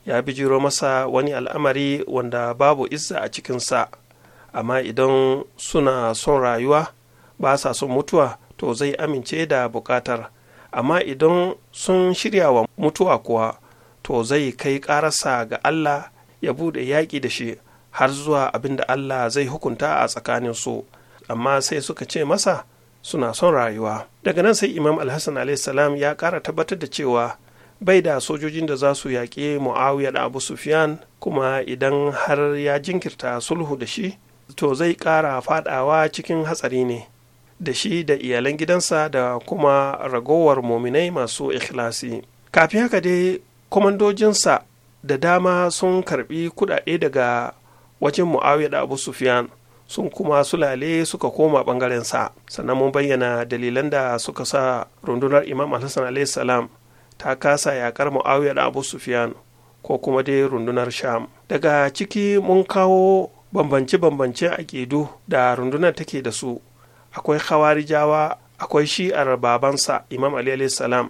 ya bijiro masa wani al'amari wanda babu izza a cikinsa. sa amma idan suna son rayuwa ba sa son mutuwa to zai amince da bukatar amma idan sun shirya wa mutuwa kuwa to zai kai karasa ga Allah ya bude yaƙi da shi har zuwa abin da Allah zai hukunta a tsakanin su amma sai suka ce masa suna son rayuwa daga nan sai imam alhassan salam ya ƙara tabbatar da cewa bai da sojojin da za su yaƙi mu'awiyar abu sufyan kuma idan har ya jinkirta sulhu da shi to zai ƙara faɗawa cikin hatsari ne da shi da iyalan gidansa da kuma ragowar mominai masu ikhlasi kafin haka dai kwamandojinsa da dama sun karbi kudade daga wajen muawiyar da abu sufyan sun kuma sulale suka koma ɓangarensa sannan mun bayyana dalilan da suka sa rundunar imam alhassan salam ta kasa yakar muawiyar da abu sufyan ko kuma dai rundunar sham daga ciki mun kawo bambance a aƙidu da rundunar take da su akwai khawarijawa akwai shi a babansa imam ali salam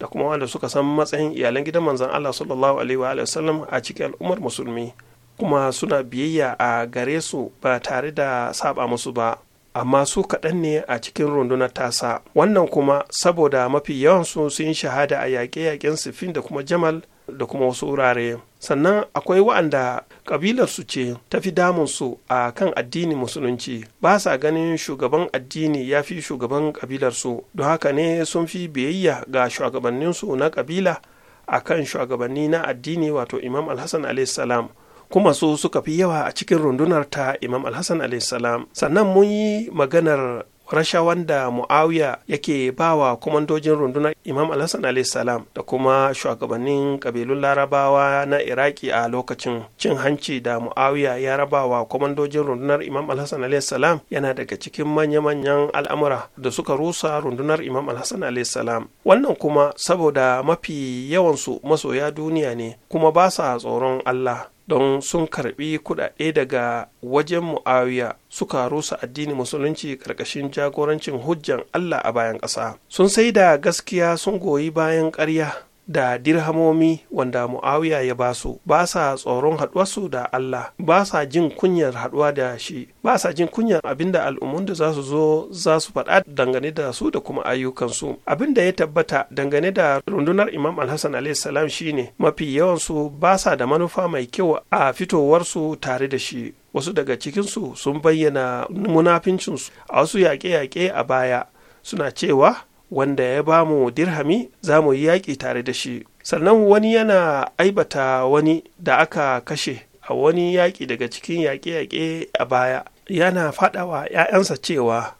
da kuma wanda suka san matsayin iyalan gidan manzon allah sallallahu alaihi wa sallam a cikin al'ummar musulmi kuma suna biyayya a gare su ba tare da saba musu ba amma su kaɗan ne a cikin rundunar tasa wannan kuma saboda mafi yawansu sun shahada a yaƙe-yaƙen Sifin da kuma jamal da kuma wasu wurare sannan akwai wa'anda ƙabilarsu ce ta fi damunsu a kan addini musulunci ba sa ganin shugaban addini ya fi shugaban ƙabilarsu don haka ne sun fi biyayya ga shugabanninsu na ƙabila a kan shugabanni na addini wato imam alhassan salam kuma su suka fi yawa a cikin rundunar ta imam alhassan salam sannan mun yi maganar rashawan da muawiya yake bawa kwamandojin rundunar imam alhassan alaihissalam da kuma shugabannin kabilun larabawa na iraki a lokacin cin hanci da muawiya ya raba wa kwamandojin rundunar imam alhassan alaihissalam yana daga cikin manya-manyan al'amura da suka rusa rundunar imam alhassan alaihissalam wannan kuma saboda mafi yawansu masoya duniya ne kuma ba sa tsoron allah don sun karbi kudade daga wajen muawiya suka rusa addini musulunci karkashin jagorancin hujjan allah a bayan ƙasa sun sai da gaskiya sun goyi bayan ƙarya da dirhamomi wanda mu'awiya ya basu ba sa tsoron haɗuwarsu da Allah ba sa jin kunyar haɗuwa da shi ba sa jin kunyar abinda al'ummun da za su zo za su faɗa dangane da su da kuma ayyukansu abinda ya tabbata dangane da rundunar imam alhassan alayhi salam shine mafi yawansu ba sa da manufa mai kyau a fitowarsu tare da shi wasu daga cikinsu sun bayyana munafincinsu a wasu yaƙe-yaƙe a baya suna cewa wanda ya ba mu dirhami za mu yi yaƙi tare da shi sannan wani yana aibata wani da aka kashe a wani yaƙi daga cikin yaƙe-yaƙe a baya yana faɗawa ‘ya'yansa cewa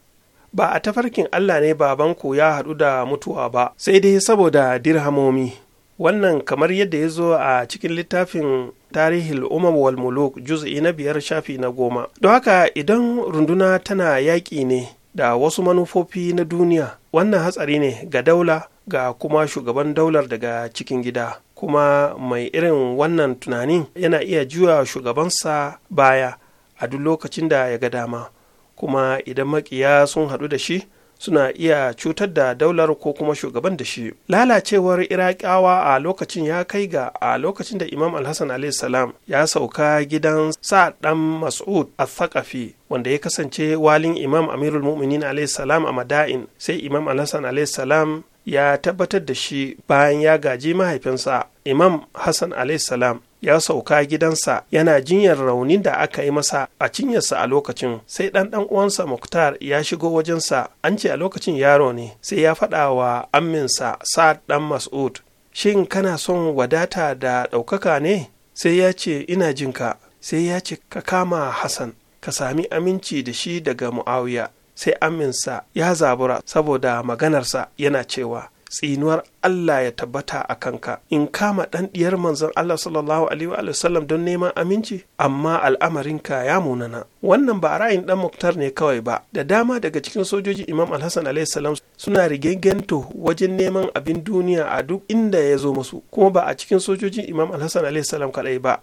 ba a tafarkin Allah ne babanku ya haɗu da mutuwa ba sai dai saboda dirhamomi wannan kamar yadda ya zo a cikin littafin tarihin umar wal muluk juz'i na biyar shafi na goma don haka idan runduna tana yaƙi ne da wasu manufofi na duniya wannan hatsari ne ga daula ga kuma shugaban daular daga cikin gida kuma mai irin wannan tunanin yana iya juya shugabansa baya a duk lokacin da ya ga dama kuma idan makiya sun haɗu da shi suna iya cutar da daular ko kuma shugaban da shi lalacewar irakawa a lokacin ya kai ga a lokacin da imam alhassan salam ya sauka gidan sa dan mas'ud a wanda ya kasance walin imam amirul mu'minin salam a mada'in sai imam alhassan salam ya tabbatar da shi bayan ya gaji mahaifinsa imam hassan salam ya sauka gidansa yana jinyar raunin da aka yi masa a cinyarsa a lokacin sai ɗan ɗan uwansa muktar ya shigo wajensa an ce a lokacin yaro ne sai ya faɗa wa amminsa sa'ad ɗan mas'ud shin kana son wadata da ɗaukaka ne sai ya ce ina jinka sai ya ce ka kama hassan ka sami aminci da shi daga mu'awiya sai aminsa ya zabura saboda maganarsa yana cewa tsinuwar Allah ya tabbata a kanka in kama ɗan ɗiyar manzon Allah sallallahu alaihi wa sallam don neman aminci amma al'amarin al'amarinka ya munana wannan ba ra'ayin ɗan Muktar ne kawai ba da dama daga cikin sojoji Imam Alhassan alaihi salam suna rigengento wajen neman abin duniya a duk inda ya zo musu kuma ba a cikin sojojin Imam Alhassan alaihi salam kaɗai ba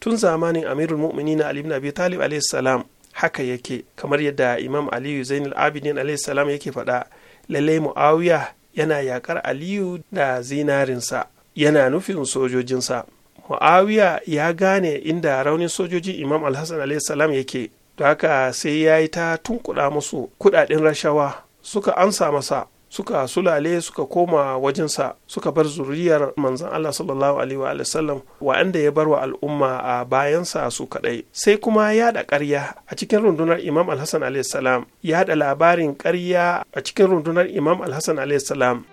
tun zamanin Amirul Mu'minin Ali ibn Abi Talib alaihi salam haka yake kamar yadda Imam Aliyu Zainul Abidin alaihi salam yake faɗa lallai Muawiya yana yakar aliyu da zinarinsa yana nufin sojojinsa mu'awiya ya gane inda raunin sojojin imam alhassan salam yake da haka sai ya yi ta tunkuɗa musu kuɗaɗen rashawa suka ansa masa suka sulale suka koma wajensa suka bar zuriyar manzan Allah sallallahu alaihi wa sallam wa'anda ya bar wa al'umma a bayansa su kadai sai kuma yada ƙarya a cikin rundunar Imam Al-Hassan alaihi salam yada labarin ƙarya a cikin rundunar Imam Al-Hassan alaihi salam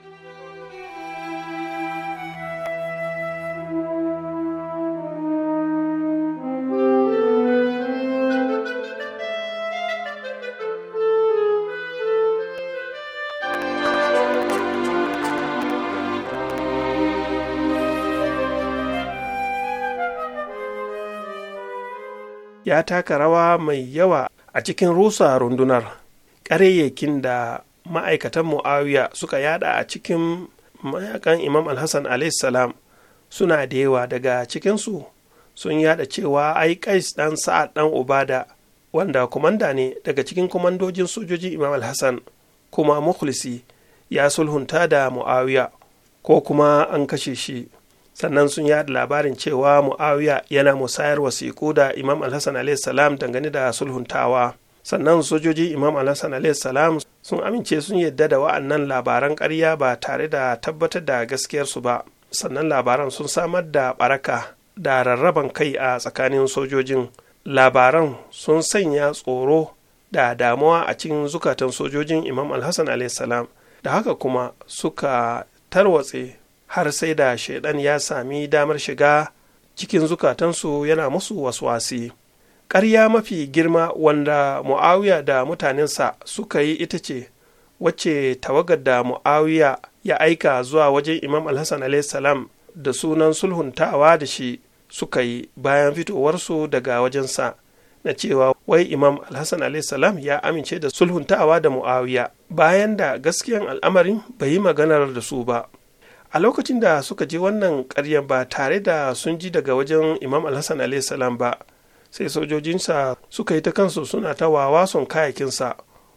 ya taka rawa mai yawa a cikin rusa rundunar ƙarayyakin da ma'aikatan mu'awiya suka yada a cikin mayakan imam alhassan salam suna da yawa daga cikinsu sun yada cewa ai kais dan sa'ad dan ubada wanda kumanda ne daga cikin kumandojin sojojin imam alhassan kuma mukhlisi ya sulhunta da mu'awiya ko kuma an kashe shi sannan sun yada labarin cewa muawiya yana musayar wasiƙu da imam alhassan salam dangane da sulhuntawa sannan sojoji imam alhassan salam sun amince sun yadda da wa'annan labaran ƙarya ba tare da tabbatar da gaskiyarsu ba sannan labaran sun samar da baraka da rarraban kai a tsakanin sojojin labaran sun sanya tsoro da damuwa a cikin zukatan sojojin imam alhassan salam da haka kuma suka tarwatse har sai da shaidan ya sami damar shiga cikin zukatansu yana musu waswasi ƙarya mafi girma wanda mu'awiya da mutanensa suka yi ita ce wacce tawagar da mu'awiya ya aika zuwa wajen imam alhassan salam da sunan sulhuntawa da shi suka yi bayan fitowarsu daga wajensa na cewa wai imam alhassan salam ya amince da sulhuntawa da mu'awiya bayan da gaskiyan al'amarin bai yi maganar da su ba a lokacin da suka je wannan ƙaryar ba tare da sun ji daga wajen imam alhassan salam ba sai sojojinsa suka yi ta kansu suna ta wawason kayakinsa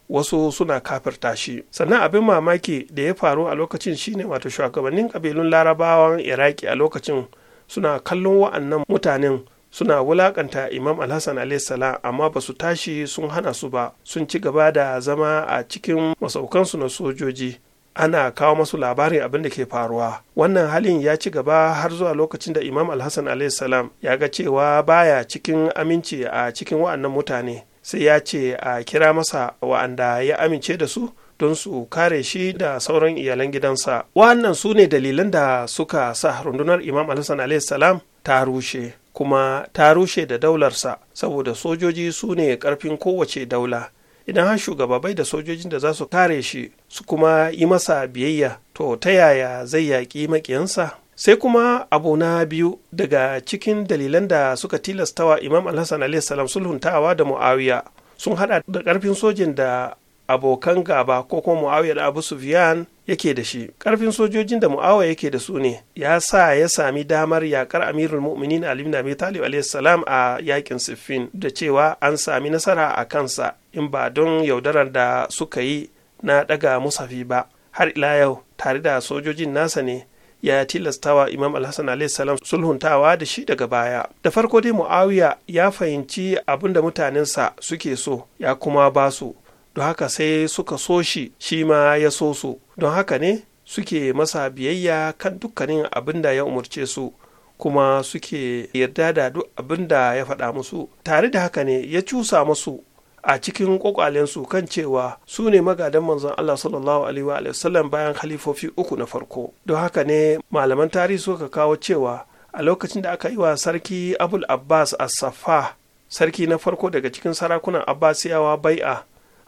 wasu suna kafirta shi sannan abin mamaki da ya faru a lokacin shine wato shugabannin kabilun larabawan iraki a lokacin suna kallon wa'annan mutanen suna wulakanta imam alhassan salam amma ba su tashi sun hana su ba sun ci gaba da zama a cikin masaukansu na sojoji ana kawo masu labarin abin da ke faruwa wannan halin ya ci gaba har zuwa lokacin da imam alhassan salam ya ga cewa baya cikin aminci a cikin wa'annan mutane sai ya ce a kira masa wa'anda ya amince da su don su kare shi da sauran iyalan gidansa wa'annan su ne dalilan da suka sa rundunar imam alhassan salam ta rushe kuma ta rushe da daularsa saboda sojoji su ne ƙarfin kowace daula idan har shugaba bai da sojojin da za su kare shi su kuma yi masa biyayya to ta yaya zai yaƙi maƙiyansa sai kuma abu na biyu daga cikin dalilan da suka tilastawa imam alhassan alaihissalam sulhuntawa da muawiya sun hada da karfin sojin da abokan gaba ko kuma muawiya da abu sufyan yake da shi ƙarfin sojojin da mu'awa yake da su ne ya sa ya sami damar yaƙar amirul mu'minin ali ibn abi talib alayhi a yakin siffin da cewa an sami nasara a kansa in ba don yaudarar da suka yi na ɗaga musafi ba har ila yau tare da sojojin nasa ne ya tilastawa imam alhassan a.s. sulhuntawa da shi daga baya da farko dai muawiya ya fahimci abin da mutanensa suke so ya kuma ba su don haka sai suka so shi shi ma ya so su don haka ne suke masa biyayya kan dukkanin abin da ya umarce su kuma suke yarda da duk abin da ya faɗa musu tare da haka ne ya cusa masu a cikin kwakwalensu kan cewa su ne magadan manzon Allah sallallahu alaihi wa sallam bayan khalifofi uku na farko don haka ne malaman tarihi suka kawo cewa a lokacin da aka yi wa sarki abul abbas as-safa sarki na farko daga cikin sarakunan abbasiyawa bai'a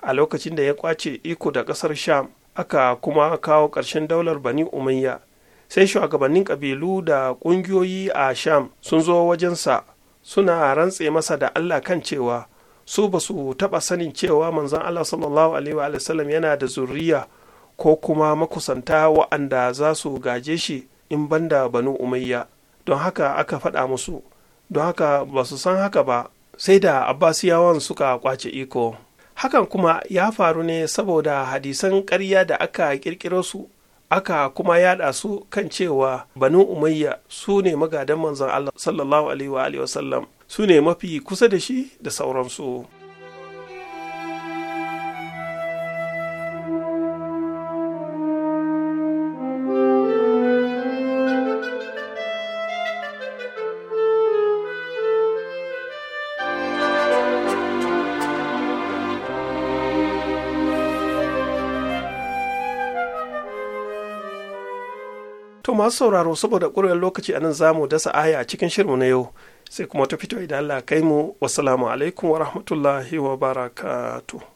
a lokacin da ya kwace iko da ƙasar sham aka kuma kawo ƙarshen daular bani umayya sai shugabannin ƙabilu da ƙungiyoyi a sham sun zo wajensa suna rantse masa da allah kan cewa su ba su taɓa sanin cewa manzon allah sallallahu alaihi wa sallam yana da zurriya ko kuma makusanta wa'anda za su gaje shi in banda banu umayya don haka aka faɗa musu don haka ba su san haka ba sai da abbasiyawan suka kwace iko hakan kuma ya faru ne saboda hadisan ƙarya da aka ƙirƙiro su aka kuma yada su kan cewa banu umayya su ne magadan manzon Allah sallallahu alaihi wa sallam su ne mafi kusa da shi da sauransu. masu sauraro saboda ƙuriyar lokaci a nan za mu dasa aya a cikin shirmu na yau sai kuma ta fito idan Allah kai mu wasalamu alaikum wa rahmatullahi wa barakatuh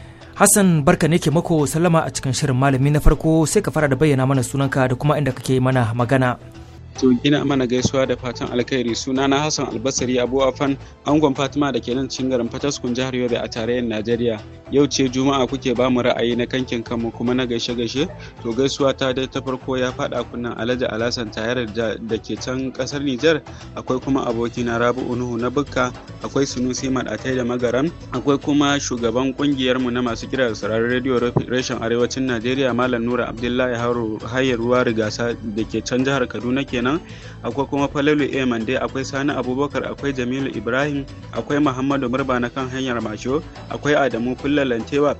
Hassan barka ne ke mako sallama a cikin shirin malami na farko sai ka fara da bayyana mana sunanka da kuma inda kake mana magana. to mana gaisuwa da fatan alkhairi suna na Hassan Albasari Abu Afan angon Fatima da ke nan cikin garin Fataskun jihar Yobe a tarayyar Najeriya yau ce juma'a kuke ba mu ra'ayi na kankin kanmu kuma na gaishe gaishe to gaisuwa ta dai ta farko ya faɗa kunnan Alhaji Alasan tayar da ke can kasar Nijar akwai kuma aboki na Rabi'u Nuhu na Bukka akwai Sunusi Madatai da Magaran akwai kuma shugaban kungiyar mu na masu kira da sauraron rediyo reshen arewacin Najeriya Malam Nura Abdullahi Hayar Ruwa Rigasa da ke can jihar Kaduna ke kenan akwai kuma falalu a mande akwai sani abubakar akwai jamilu ibrahim akwai muhammadu murba na kan hanyar masho akwai adamu kullalantewa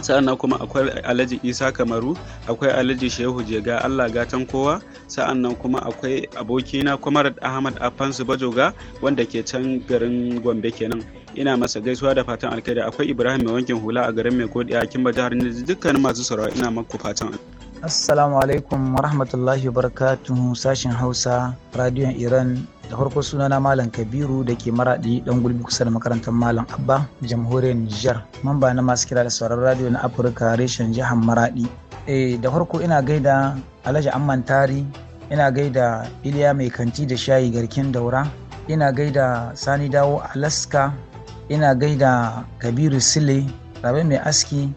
sa'annan kuma akwai alhaji isa kamaru akwai alhaji shehu jega allah gatan kowa sa'annan kuma akwai abokina kwamar ahmad afansu bajoga wanda ke can garin gombe kenan ina masa gaisuwa da fatan alkaida akwai ibrahim mai wankin hula a garin mai a kimba jihar dukkanin masu sauraro ina maku fatan alkaida Assalamu alaikum wa rahmatullahi wa barakatuhu sashen Hausa radiyon Iran da farko sunana Malam Kabiru da ke maraɗi ɗan gulbi kusa da makarantar Malam Abba jamhuriyar Nijar mamba na masu kira da sauran radiyo na Afirka reshen jihar maraɗi. Eh da farko ina gaida Alhaji Amman Tari ina gaida Iliya Mai Kanti da Shayi Garkin Daura ina gaida Sani Dawo Alaska ina gaida Kabiru Sile Rabe Mai Aski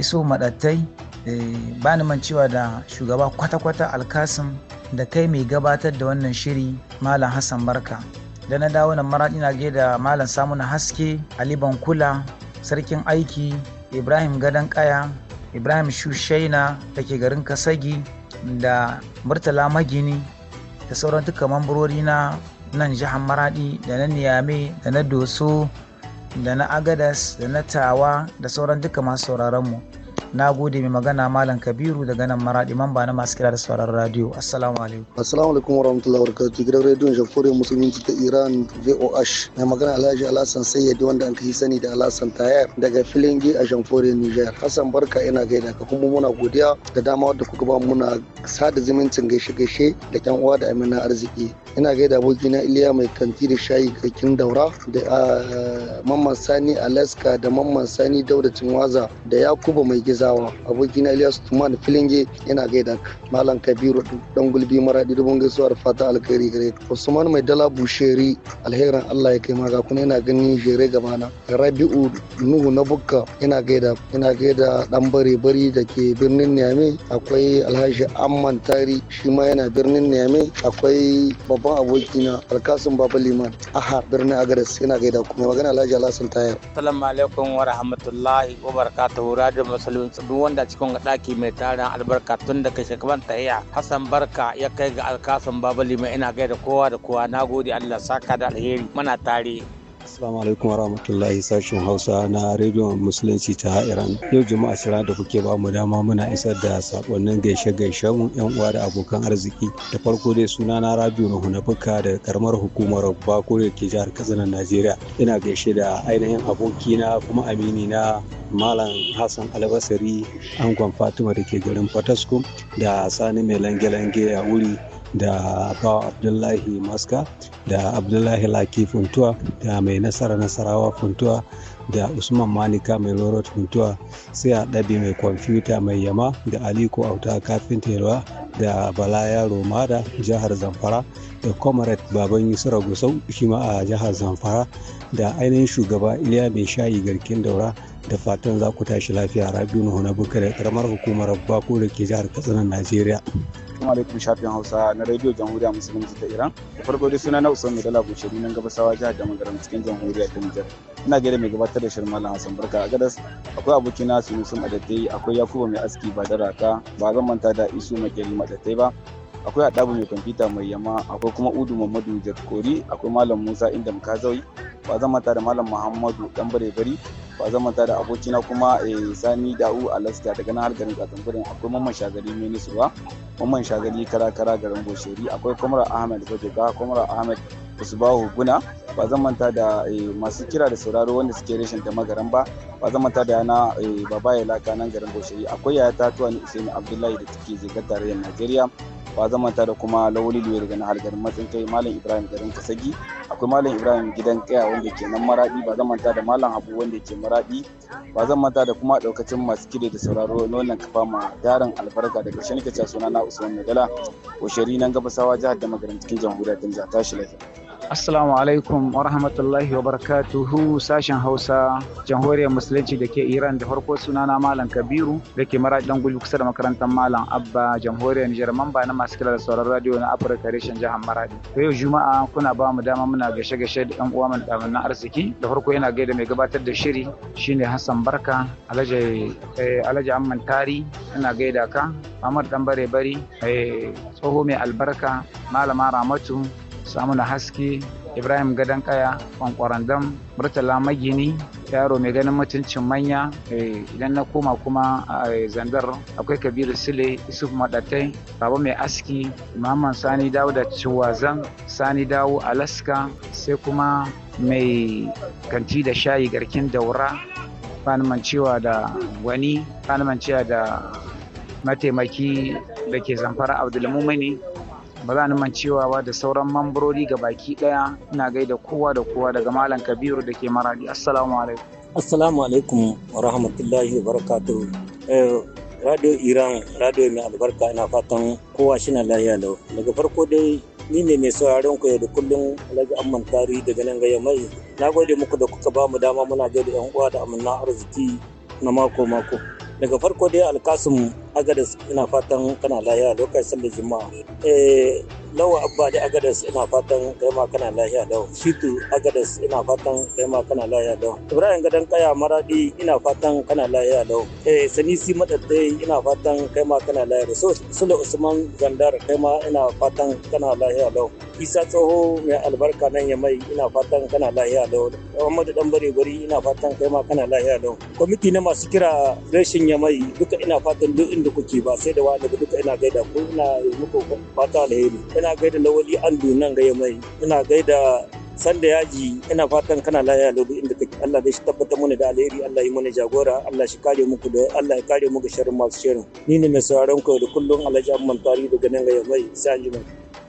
Iso Maɗattai Eh, ba ni cewa da shugaba kwata-kwata alkasim da kai mai gabatar da wannan shiri malam hassan barka da na dawo nan maraɗi na gaida malam samuna haske ali Kula, sarkin aiki ibrahim gadon kaya ibrahim shushaina da ke garin kasagi da murtala magini da sauran duka mambarori na nan jihar Maraɗi, da na niyame da na doso da na agadas da na tawa da sauran duka masu sauraronmu mu na gode mai magana malam kabiru daga nan maradi mamba na masu kira da sauran radio assalamu alaikum assalamu alaikum wa wabarakatuh gidan rediyon jamhuriyar musulunci ta iran voh mai magana alhaji alhassan sayyadi wanda an kai sani da alhassan tayar daga filin gi a jamhuriyar niger hassan barka ina gaida ka kuma muna godiya da dama wadda kuka ba muna sada zumuncin gaishe gaishe da yan uwa da amina arziki ina gaida aboki na iliya mai kanti da shayi kakin daura da ah, mamman sani alaska da mamman sani dauda cinwaza da yakuba mai giza Awa abokina Ilyas Tuman Filinge yana gaida Malam Kabiru dan gulbi maradi dubun gaisuwa fata alkhairi gare ka Usman Mai Dala Busheri alherin Allah ya kai maga kuna yana ganin jere gaba na Rabiu Nuhu na Bukka yana gaida yana gaida dan bare bari da ke birnin Niamey akwai Alhaji Amman Tari shi ma yana birnin Niamey akwai babban abokina Alkasim Baba Liman aha birnin Agares yana gaida kuma magana Alhaji Alhassan Tayar Assalamu alaikum wa rahmatullahi wa barakatuhu radio musulunci duk wanda cikin ga ɗaki mai tarin albarka tun daga shekaban iya hassan barka ya kai ga alkasan babali mai ina gaida kowa da kowa na gode allah saka da alheri mana tare Assalamu alaikum warahmatullahi sashen Hausa na rediyon Musulunci ta Iran. Yau Juma'a shirar da kuke ba mu dama muna isar da sakonnin gaishe gaishe mu yan uwa da abokan arziki. Da farko dai suna na Rabiu na Hunafuka da karamar hukumar Bako da ke jihar Katsina Najeriya. Ina gaishe da ainihin abokina kuma amini na Malam Hassan Albasari angon Fatima da ke garin Fataskum da Sani mai lange-lange a wuri da bawa abdullahi maska da abdullahi laki funtuwa da mai nasara nasarawa funtuwa da usman manika mai lorot funtuwa sai a ɗabi mai kwamfuta mai yama da aliko auta kafin teruwa da bala yaro mada jihar zamfara da comrade baban yusra gusau shi ma a jihar zamfara da ainihin shugaba iliya mai shayi garkin daura da fatan za ku tashi lafiya rabiu nuhu na bukare karamar hukumar bako da ke jihar katsina najeriya Assalamu alaikum shafin Hausa na Radio Jamhuriya Musulunci ta Iran. Da farko dai suna na Usman Dala Bushiri nan gabasawa jihar da magaran cikin Jamhuriya ta Nijar. Ina gaida mai gabatar da shirin Malam Hassan Barka a gadas akwai abokina Sunusun Adatai akwai yakubo mai aski ba da raka ba zan manta da Isu Makeri Madatai ba. Akwai Adabu mai kwamfuta mai yama akwai kuma Udu Muhammadu Jakori akwai Malam Musa Inda zauyi ba zan manta da malam muhammadu dan bare-bari ba zan manta da abokina kuma eh, sani da'u alaska daga nan har garin katsamburin akwai mamman shagari nisuwa mamman shagari kara-kara garin gosheri akwai kwamra ahmed bajoga kwamra ahmed usbahu guna ba zan manta da eh, masu kira da sauraro wanda suke reshen da magaran ba ba zan manta da yana eh, baba ya laka nan garin gosheri akwai yaya tatuwa ni usaini abdullahi da take zikar tarayyar najeriya ba zan manta da kuma lawali daga nan har garin matsin kai malam ibrahim garin kasagi akwai malam ibrahim gidan kaya wanda ke nan maradi ba zan manta da malam abu wanda ke maraɗi ba zan manta da kuma daukacin masu kide da sauraro na wannan kafa ma darin albarka daga shanike suna na usman nadala ko shari nan gabasawa jihar da magarin cikin jamhuriyar ta tashi lafiya Assalamu alaikum wa rahmatullahi wa barakatuhu sashen Hausa jamhuriyar musulunci da ke Iran da farko sunana Malam Kabiru da ke dan gulu kusa da makarantar Malam Abba jamhuriyar Nijar mamba na masu kira da sauran radio na Afirka reshen jihar Maradi. To yau Juma'a kuna ba mu dama muna gaishe gaishe da ƴan uwa mun na arziki da farko yana gaida mai gabatar da shiri shine Hassan Barka Alhaji eh, Amman Tari ina gaida ka Ahmad Dan Bari eh, tsoho mai albarka Malama Ramatu samuna haske ibrahim gadon kaya kwankwaran murtala magini yaro mai ganin mutuncin manya eh, idan na koma kuma a zandar akwai kabiru sile isuf madatai baba mai aski muhammad sani dawo da ciwazan sani dawo alaska sai kuma mai kanti da shayi garkin daura fanuman cewa da wani fanuman cewa da mataimaki da ke zamfara abdulmumini ba za ni mancewa ba da sauran mambarori ga baki daya ina gaida kowa da kowa daga malam kabiru da ke maradi assalamu alaikum assalamu alaikum wa rahmatullahi wa barakatuh eh, radio iran radio mai albarka ina fatan kowa shina lahiya lau daga farko dai ni ne mai sauraron ku da kullum alhaji amman tarihi daga nan gaya mai na gode muku da kuka ba mu dama muna gaida yan uwa da amanna arziki na mako mako daga farko dai alkasum agadis ina fatan kana lahiya lokacin da jima'a eh, lawa abba da agadas ina fatan kai ma kana lahiya lau shitu agadas ina fatan kai ma kana lahiya lau ibrahim gadan kaya maradi ina fatan kana lahiya lau eh sanisi madattai ina fatan kai ma kana lahiya so sule usman zandar kai ma ina fatan kana lahiya lau isa tsoho mai albarka nan ya mai ina fatan kana lahiya lau muhammadu dan bare gori ina fatan kai ma kana lahiya lau kwamiti na masu kira reshin ya mai duka ina fatan duk inda kuke ba sai da wani duka ina gaida ku ina yi muku fata alheri ina gaida lawali andu nan gaya mai ina gaida sanda yaji ina fatan kana laya lobu inda kake Allah zai tabbatar mana da alheri Allah yi mana jagora Allah shi kare muku da Allah ya kare muku sharrin masu sharrin ni ne mai sauraron ku da kullum Alhaji Amman Tari daga nan gaya mai sai anjima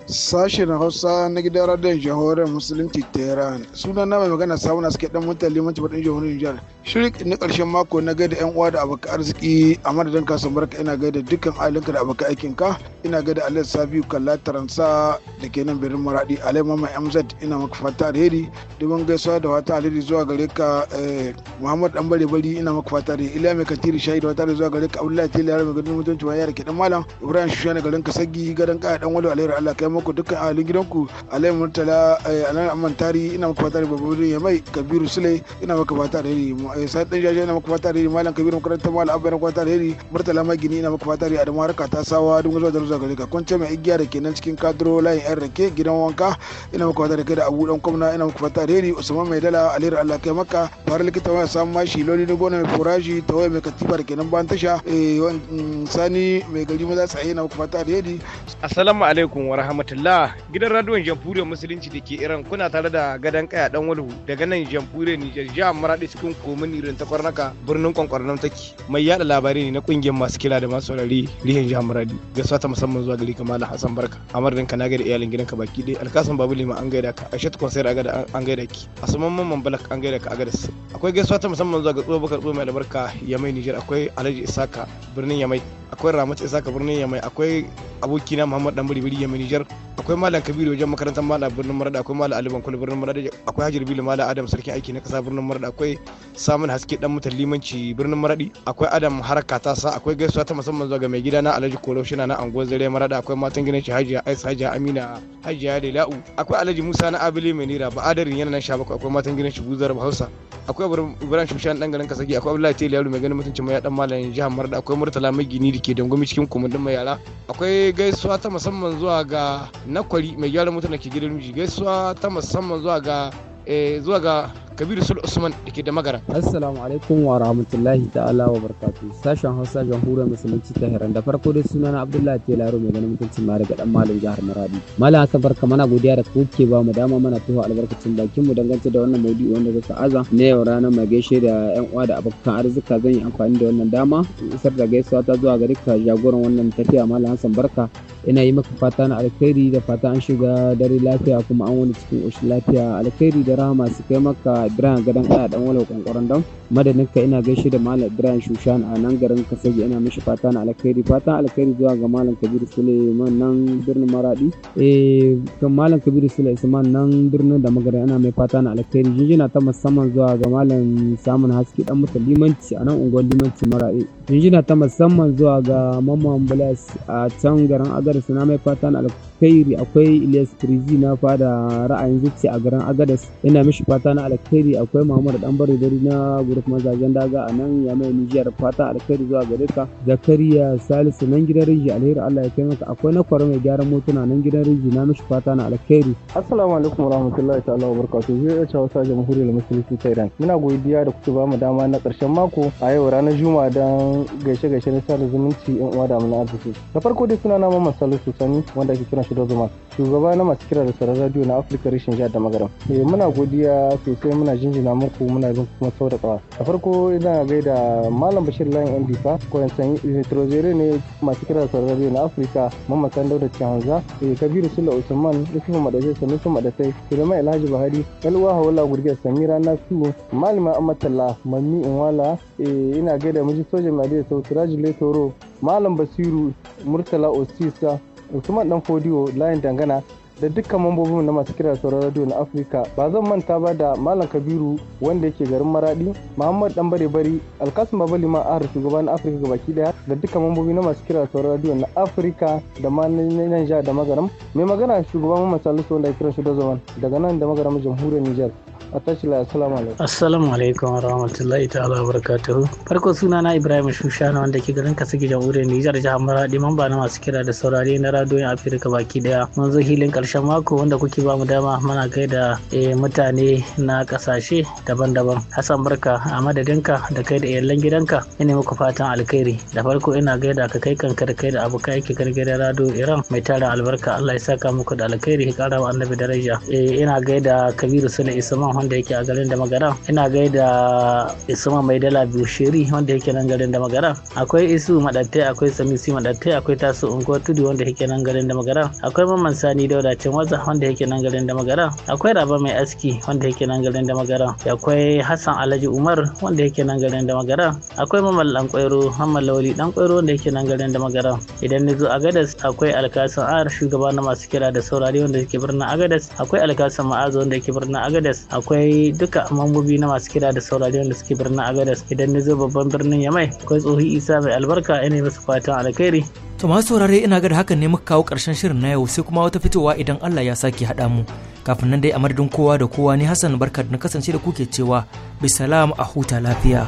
sashen hausa na gidan radiyon jihohoren musulunci tehran suna na mai magana samun na suke dan mutan limanci baɗin jihohoren jihar shirik na ƙarshen mako na gaida yan uwa da abokan arziki a madadin kasan barka ina gaida dukkan ahalinka da abokan aikinka ina gaida alhaji sabiu kalla taransa da ke nan birnin maradi alai mama mz ina maka fata alheri domin gaisuwa da wata alheri zuwa gare ka eh, muhammad dan bare bari ina maka fata alheri ila mai katiri shahi da wata alheri zuwa gare ka abdullahi tela yara mai gudun mutunci wani yara ke dan malam ibrahim shushani garin kasagi garin kaya dan wani alheri allah kai muku dukkan ahalin gidanku alayhi murtala eh, anan amman tari ina muku fata da babu babban ya mai kabiru sule ina muku fata da yari eh, sai dan jaje ina muku fata da yari malam kabiru makarantar malam abba ina fata da yari murtala gini ina muku fata da yari adamu harka ta sawa dun zuwa da zuwa gare ka kun ce mai igiya da kenan cikin kadro layin yan rake gidan wanka ina muku fata da kai da abu dan kwamna ina muku fata da yari usman mai dala alheri allah kai maka fara likita wani samun mashi loli na gona mai furaji ta tawaye mai katifa da kenan ban tasha eh, mm, sani mai gari maza tsaye ina muku fata da yari assalamu alaikum wa rahmatullahi rahmatullah gidan radiyon jamhuriyar musulunci da ke iran kuna tare da gadan kaya dan walhu daga nan jamhuriyar nijar jihar maradi cikin komin irin ta kwarnaka birnin kwankwarnan take mai yada labarai ne na kungiyar masu kira da masu saurari rihin jihar maradi gaisuwa ta musamman zuwa gari kamar hassan barka a madadin ka na gaida iyalin gidanka baki ɗaya alkasan babu lima an gaida ka aishat kwasai da agada an gaida ki saman mamman balak an gaida ka agadas akwai gaisuwa ta musamman zuwa ga tsohon bakar tsohon mai albarka yamai nijar akwai alhaji isaka birnin yamai akwai ramat isaka birnin yamai akwai abokina muhammad dan biribiri yamai nijar akwai malam kabiru wajen makarantar malam birnin marada akwai malam aliban kula birnin marada akwai hajar bilu malam adam sarkin aiki na kasa birnin marada akwai samun haske dan mutan limanci birnin maradi akwai adam haraka ta sa akwai gaisuwa ta musamman zuwa ga mai gida na alhaji koro shina na anguwar zare marada akwai matan gina shi hajiya aisa hajiya amina hajiya la'u akwai alhaji musa na abili mai nira ba adarin yana nan shabaku akwai matan gina shi buzar hausa akwai ibrahim shushan dan garin kasagi akwai abdullahi tele yaro mai ganin mutuncin mai dan malam jihar marada akwai murtala mai gini da ke dangwami cikin kumudin mai yara akwai gaisuwa ta musamman zuwa ga na kwari mai gyaran mota ke gidan miji gaisuwa ta musamman zuwa eh, zuwa ga kabiru sul usman da ke da magara assalamu alaikum wa rahmatullahi ta'ala wa barkatu sashen hausa jamhuriyar musulunci ta hiran da farko dai suna na abdullahi telaro mai ganin mutuncin mara ga dan malam jihar maradi malam haka barka mana godiya da kuke ba mu dama mana tuhu albarkacin bakin mu dangance da wannan maudu'i wanda zaka aza na yau ranar mai gaishe da yan uwa da abokan arzika zan yi amfani da wannan dama isar da gaisuwa ta zuwa gari ka jagoran wannan tafiya malam hassan barka ina yi maka fata na alkhairi da fata an shiga dare lafiya kuma an wani cikin ƙoshin lafiya alkhairi da rahama su kai maka Ibrahim gadan ana dan wani kwankwaron dan madadin ka ina gaishe da Malam Ibrahim Shushan a nan garin Kasaje ina mishi fata na alkhairi fatan alkhairi zuwa ga Malam Kabiru Suleiman nan birnin Maradi eh kan Malam Kabiru Suleiman nan birnin da magana ana mai fata na alkhairi jinjina ta musamman zuwa ga Malam Samun Haske dan musulmanci a nan unguwar limanci Maradi jinjina ta musamman zuwa ga mamman blas a can garin agadas na mai fatan alkhairi akwai ilyas kirji na fada ra'ayin zuci a garin agadas ina mishi fata na alkhairi akwai mamar dan bari na guruf mazajen daga a nan ya mai nijiyar fata alkhairi zuwa gare ka zakariya salisu nan gidan rijiya alheri allah ya taimaka akwai na kwaro mai gyaran motuna nan gidan rijiya na mishi fata na alkhairi assalamu alaikum warahmatullahi wa barakatu. zai iya hausa jamhuriyar musulunci ta iran muna godiya da kuke ba mu dama na karshen mako a yau ranar juma'a dan gaishe-gaishe na sada zumunci yan uwa da amina arziki da farko dai suna na mamman salo sani wanda ake kiran shi da zuma shugaba na masu kira da sauran radio na afirka rashin jihar da magaram eh muna godiya sosai muna jinjina muku muna bin kuma sau da tsawa da farko ina gaida malam bashir layin yan difa yan san nitrozere ne masu kira da sauran radio na afirka mamman sandau da cihanza eh kabiru sula usman yusufu madadai sanusu madadai sulaiman alhaji buhari yalwa hawala gurgiyar samira nasu malima amatalla mammi inwala eh, ina gaida miji soja mai Sadiya Sau, Turajile Toro, Malam Basiru, Murtala Osisa, Usman Danfodiyo, Layin Dangana, da dukkan mambobin na masu kira sauran radio na afirka ba zan manta ba da malam kabiru wanda yake garin maradi muhammad dan bare bari alkasim babali ma ahar shugaban afirka gabaki daya da dukkan mambobi na masu kira sauran radio na afirka da ma nan ja da magaram mai magana shugaban mamman salisu wanda kira shi da zaman daga nan da magaram jamhuriyar niger a tashi la assalamu alaikum assalamu alaikum wa rahmatullahi ta'ala wa barakatuhu farko suna na ibrahim shushana wanda ke garin kasige jamhuriyar niger jihar maradi mamba na masu kira da saurare na radiyon afirka baki daya mun zo hilin karshen mako wanda kuke ba mu dama mana gaida eh, mutane na kasashe daban-daban. Hassan barka a madadinka da kai da iyalan gidanka ina muku fatan alkhairi. Da farko ina gaida ka kai kanka da kai da abokan yake gargada rado Iran mai tara albarka Allah ya saka muku da alkhairi ya annabi daraja. Eh, ina gaida Kabiru Sule Isman wanda yake a garin da magana. Ina gaida Isman mai dala Bushiri wanda yake nan garin da magana. Akwai Isu Madattai akwai Samisi Madattai akwai Tasu Unguwar Tudu wanda yake nan garin da magana. Akwai Mamman Sani Dauda Latin Waza wanda yake nan garin da magara. Akwai Raba Mai Aski wanda yake nan garin da magara. Akwai Hassan Alhaji Umar wanda yake nan garin da magara. Akwai Mamal Dan Kwairo, mamal Lawali Dan Kwairo wanda yake nan garin da magara. Idan ni zo Agadas akwai Alkasan Ar shugaba na masu kira da saurari wanda yake birnin Agadas. Akwai Alkasan Ma'azo wanda yake birnin Agadas. Akwai duka mambobi na masu kira da saurari wanda suke birnin Agadas. Idan ni zo babban birnin Yamai akwai tsohi Isa mai albarka ina masu fatan alkhairi. To masu saurare ina ga da hakan ne muka kawo karshen shirin na yau sai kuma wata fitowa idan idan Allah ya sake haɗa mu kafin nan dai a madadin kowa da kowa ne Hassan barka na kasance da kuke cewa bisalam a huta lafiya.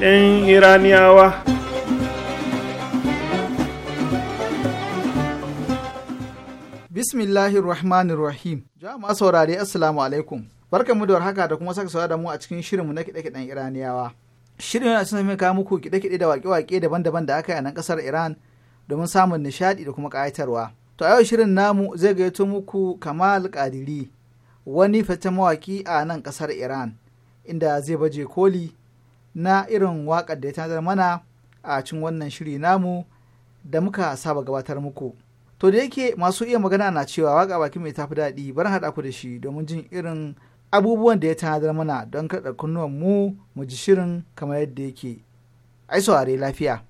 ɗan iraniyawa bismillahir rahmanir rahim jama'a saurari assalamu alaikum barkanmu da warhaka da kuma saka saurari da mu a cikin shirinmu na kiɗe-kiɗen iraniyawa shirin yana sun kawo muku kiɗe-kiɗe da waƙe-waƙe daban-daban da aka yi a nan ƙasar iran domin samun nishaɗi da kuma ƙayatarwa to a yau shirin namu zai gayyato muku kamal kadiri wani fitaccen mawaƙi a nan ƙasar iran inda zai baje koli na irin waƙar da ya tanadar mana a cikin wannan shiri namu da muka saba gabatar muku. To da yake masu iya magana na cewa waƙa baki mai tafi daɗi bari haɗa ku da shi domin jin irin abubuwan da ya tanadar mana don kaɗa kunnuwan mu mu ji shirin kamar yadda yake. Ai saurare lafiya.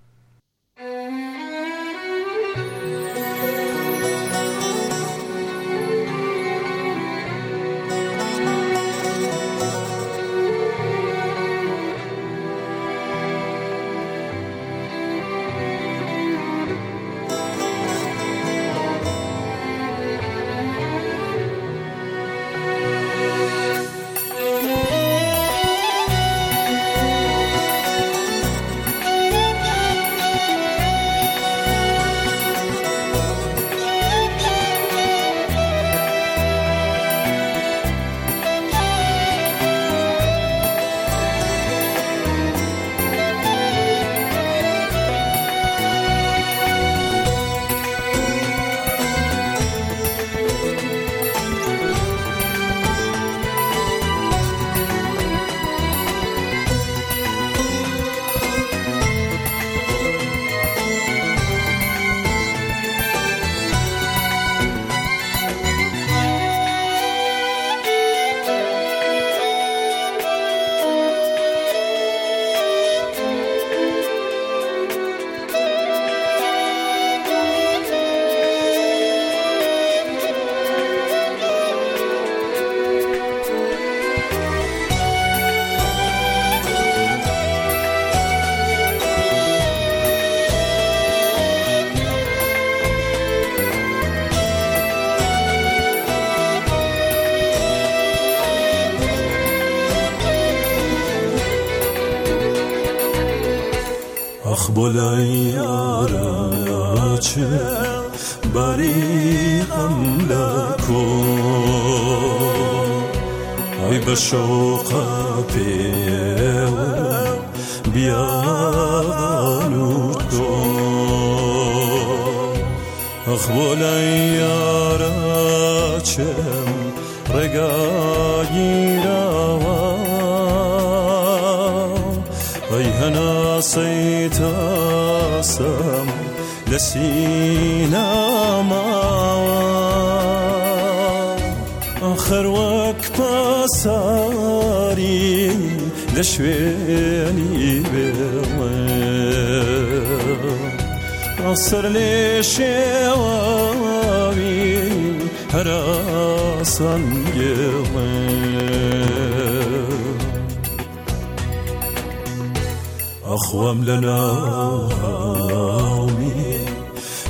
وهب لنا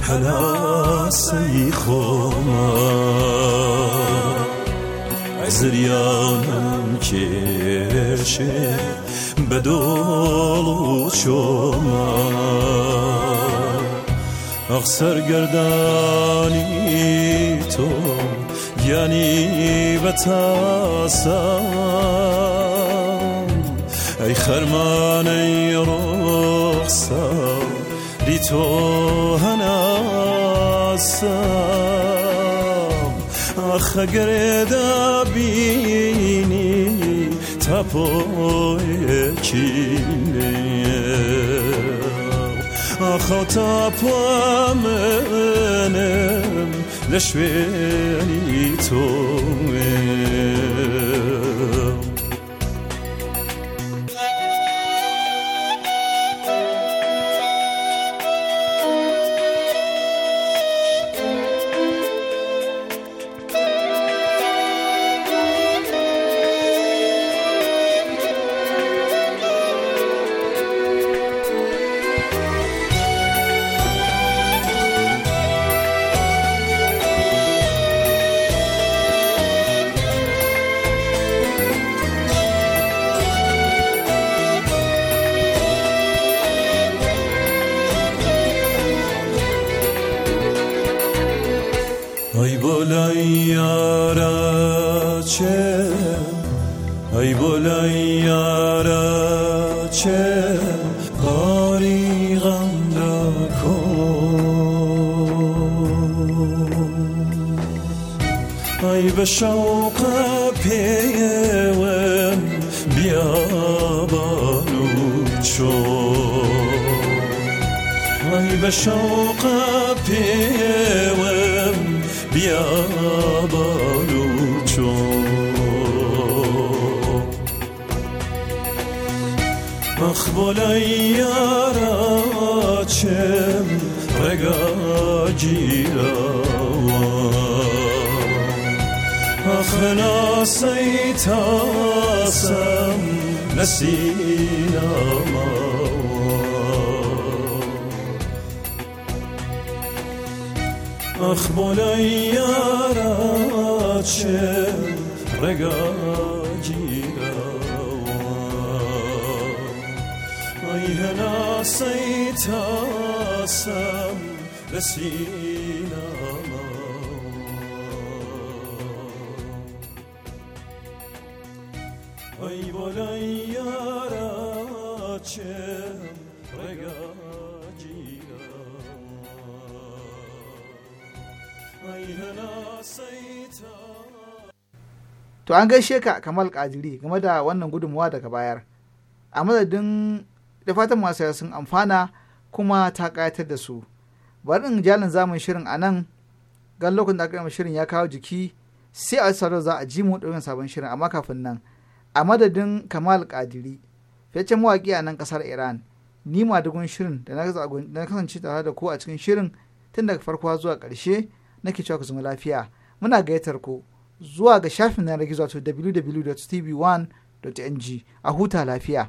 حنا از زریانم که به و شما اخسر گردانی تو یعنی و تاسم ای خرمان ای رو أقصی لتوهنا السام أخ قرید بینی تبویکی آخا تپا منم an gaishe ka kamal kadiri game da wannan gudunmawa daga bayar a madadin da fatan masu sun amfana kuma ta kayatar da su bari in jalin zamun shirin a nan gan lokacin da aka shirin ya kawo jiki sai a wasu za a ji mu ɗaurin sabon shirin amma kafin nan a madadin kamal kadiri fecen mawaƙi a nan ƙasar iran ni ma madugun shirin da na kasance tare da ku a cikin shirin tun daga farko zuwa ƙarshe nake cewa ku zama lafiya muna gayyatar ku zuwa ga shafin yanar gizo wato www.tv1.ng a huta lafiya.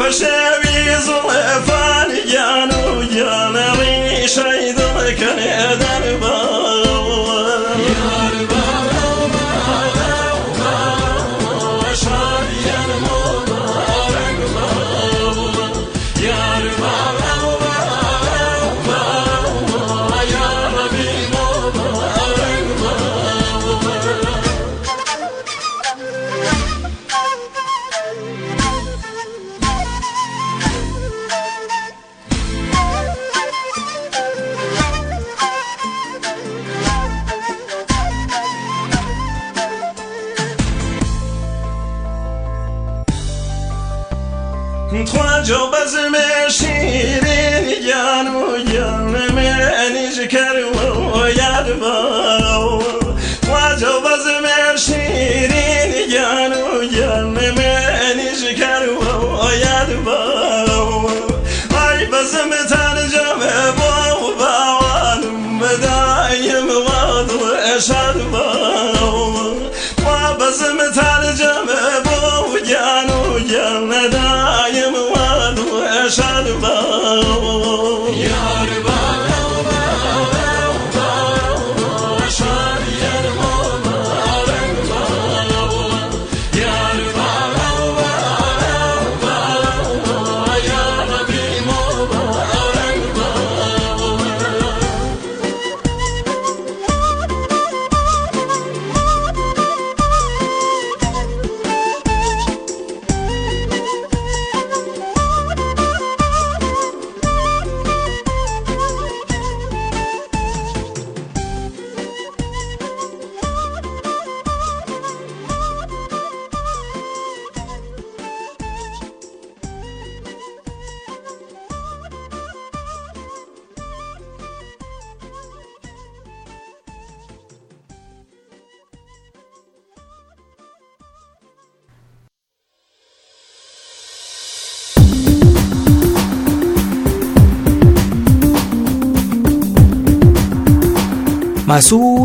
Paşa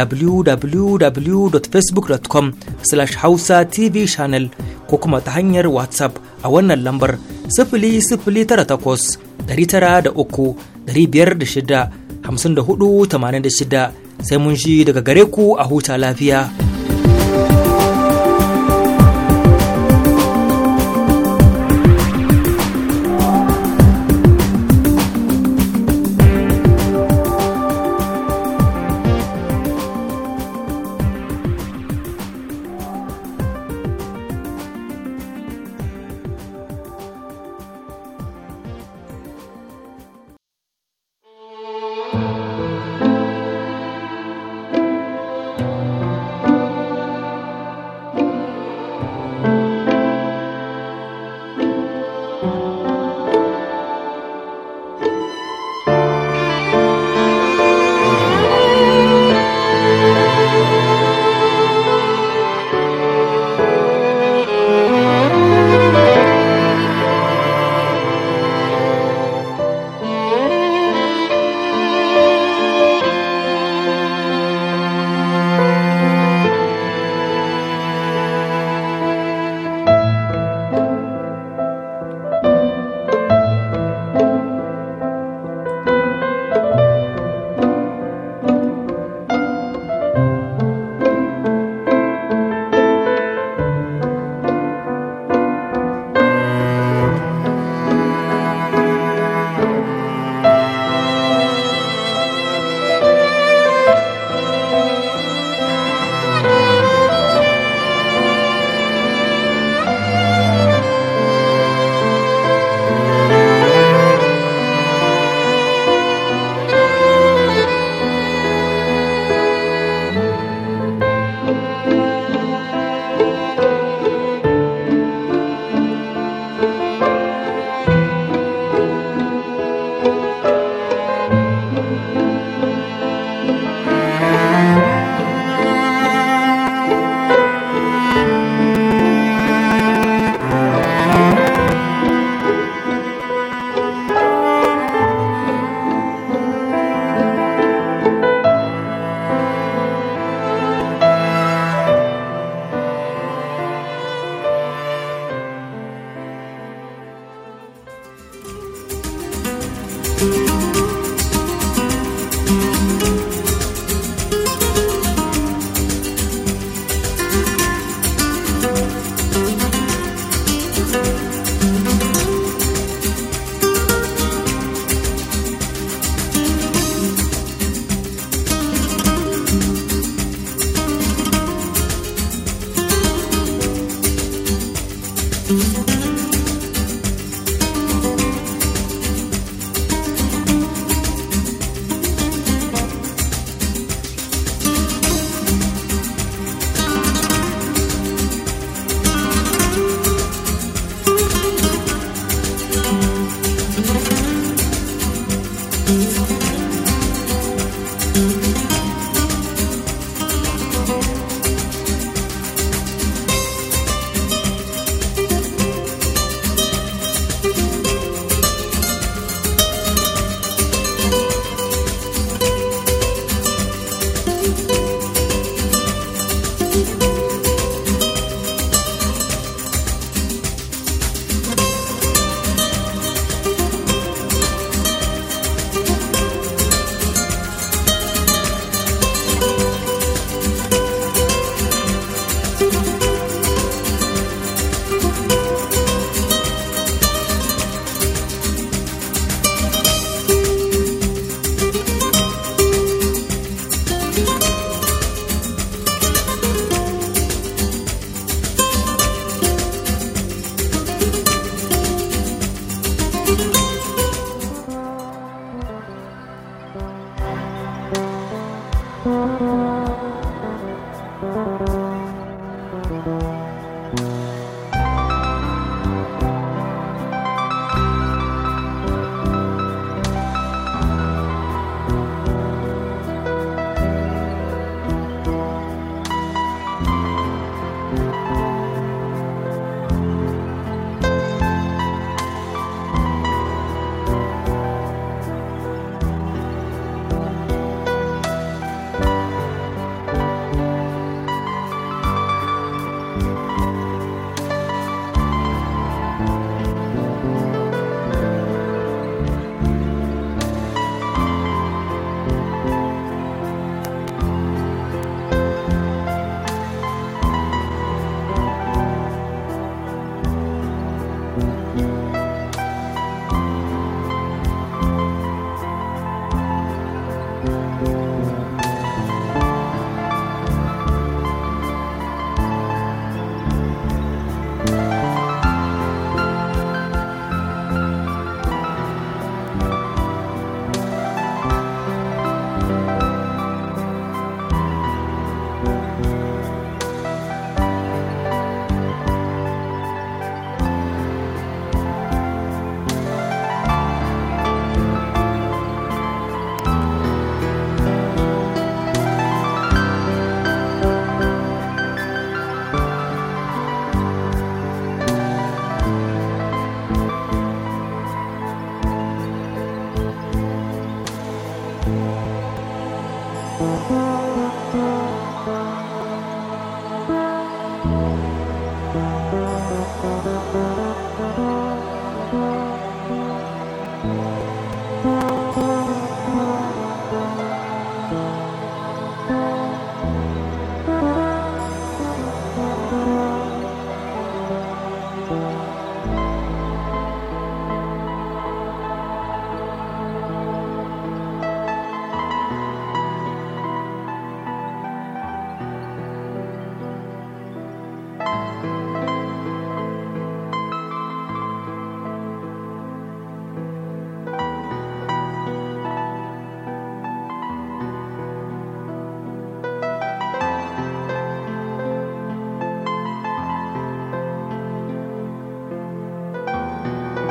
www.facebook.com slash hausa tv channel ko kuma ta hanyar whatsapp a wannan lambar sifili sifili da takwas tara uku biyar shida hamsin sai mun shi daga gare ku a huta lafiya.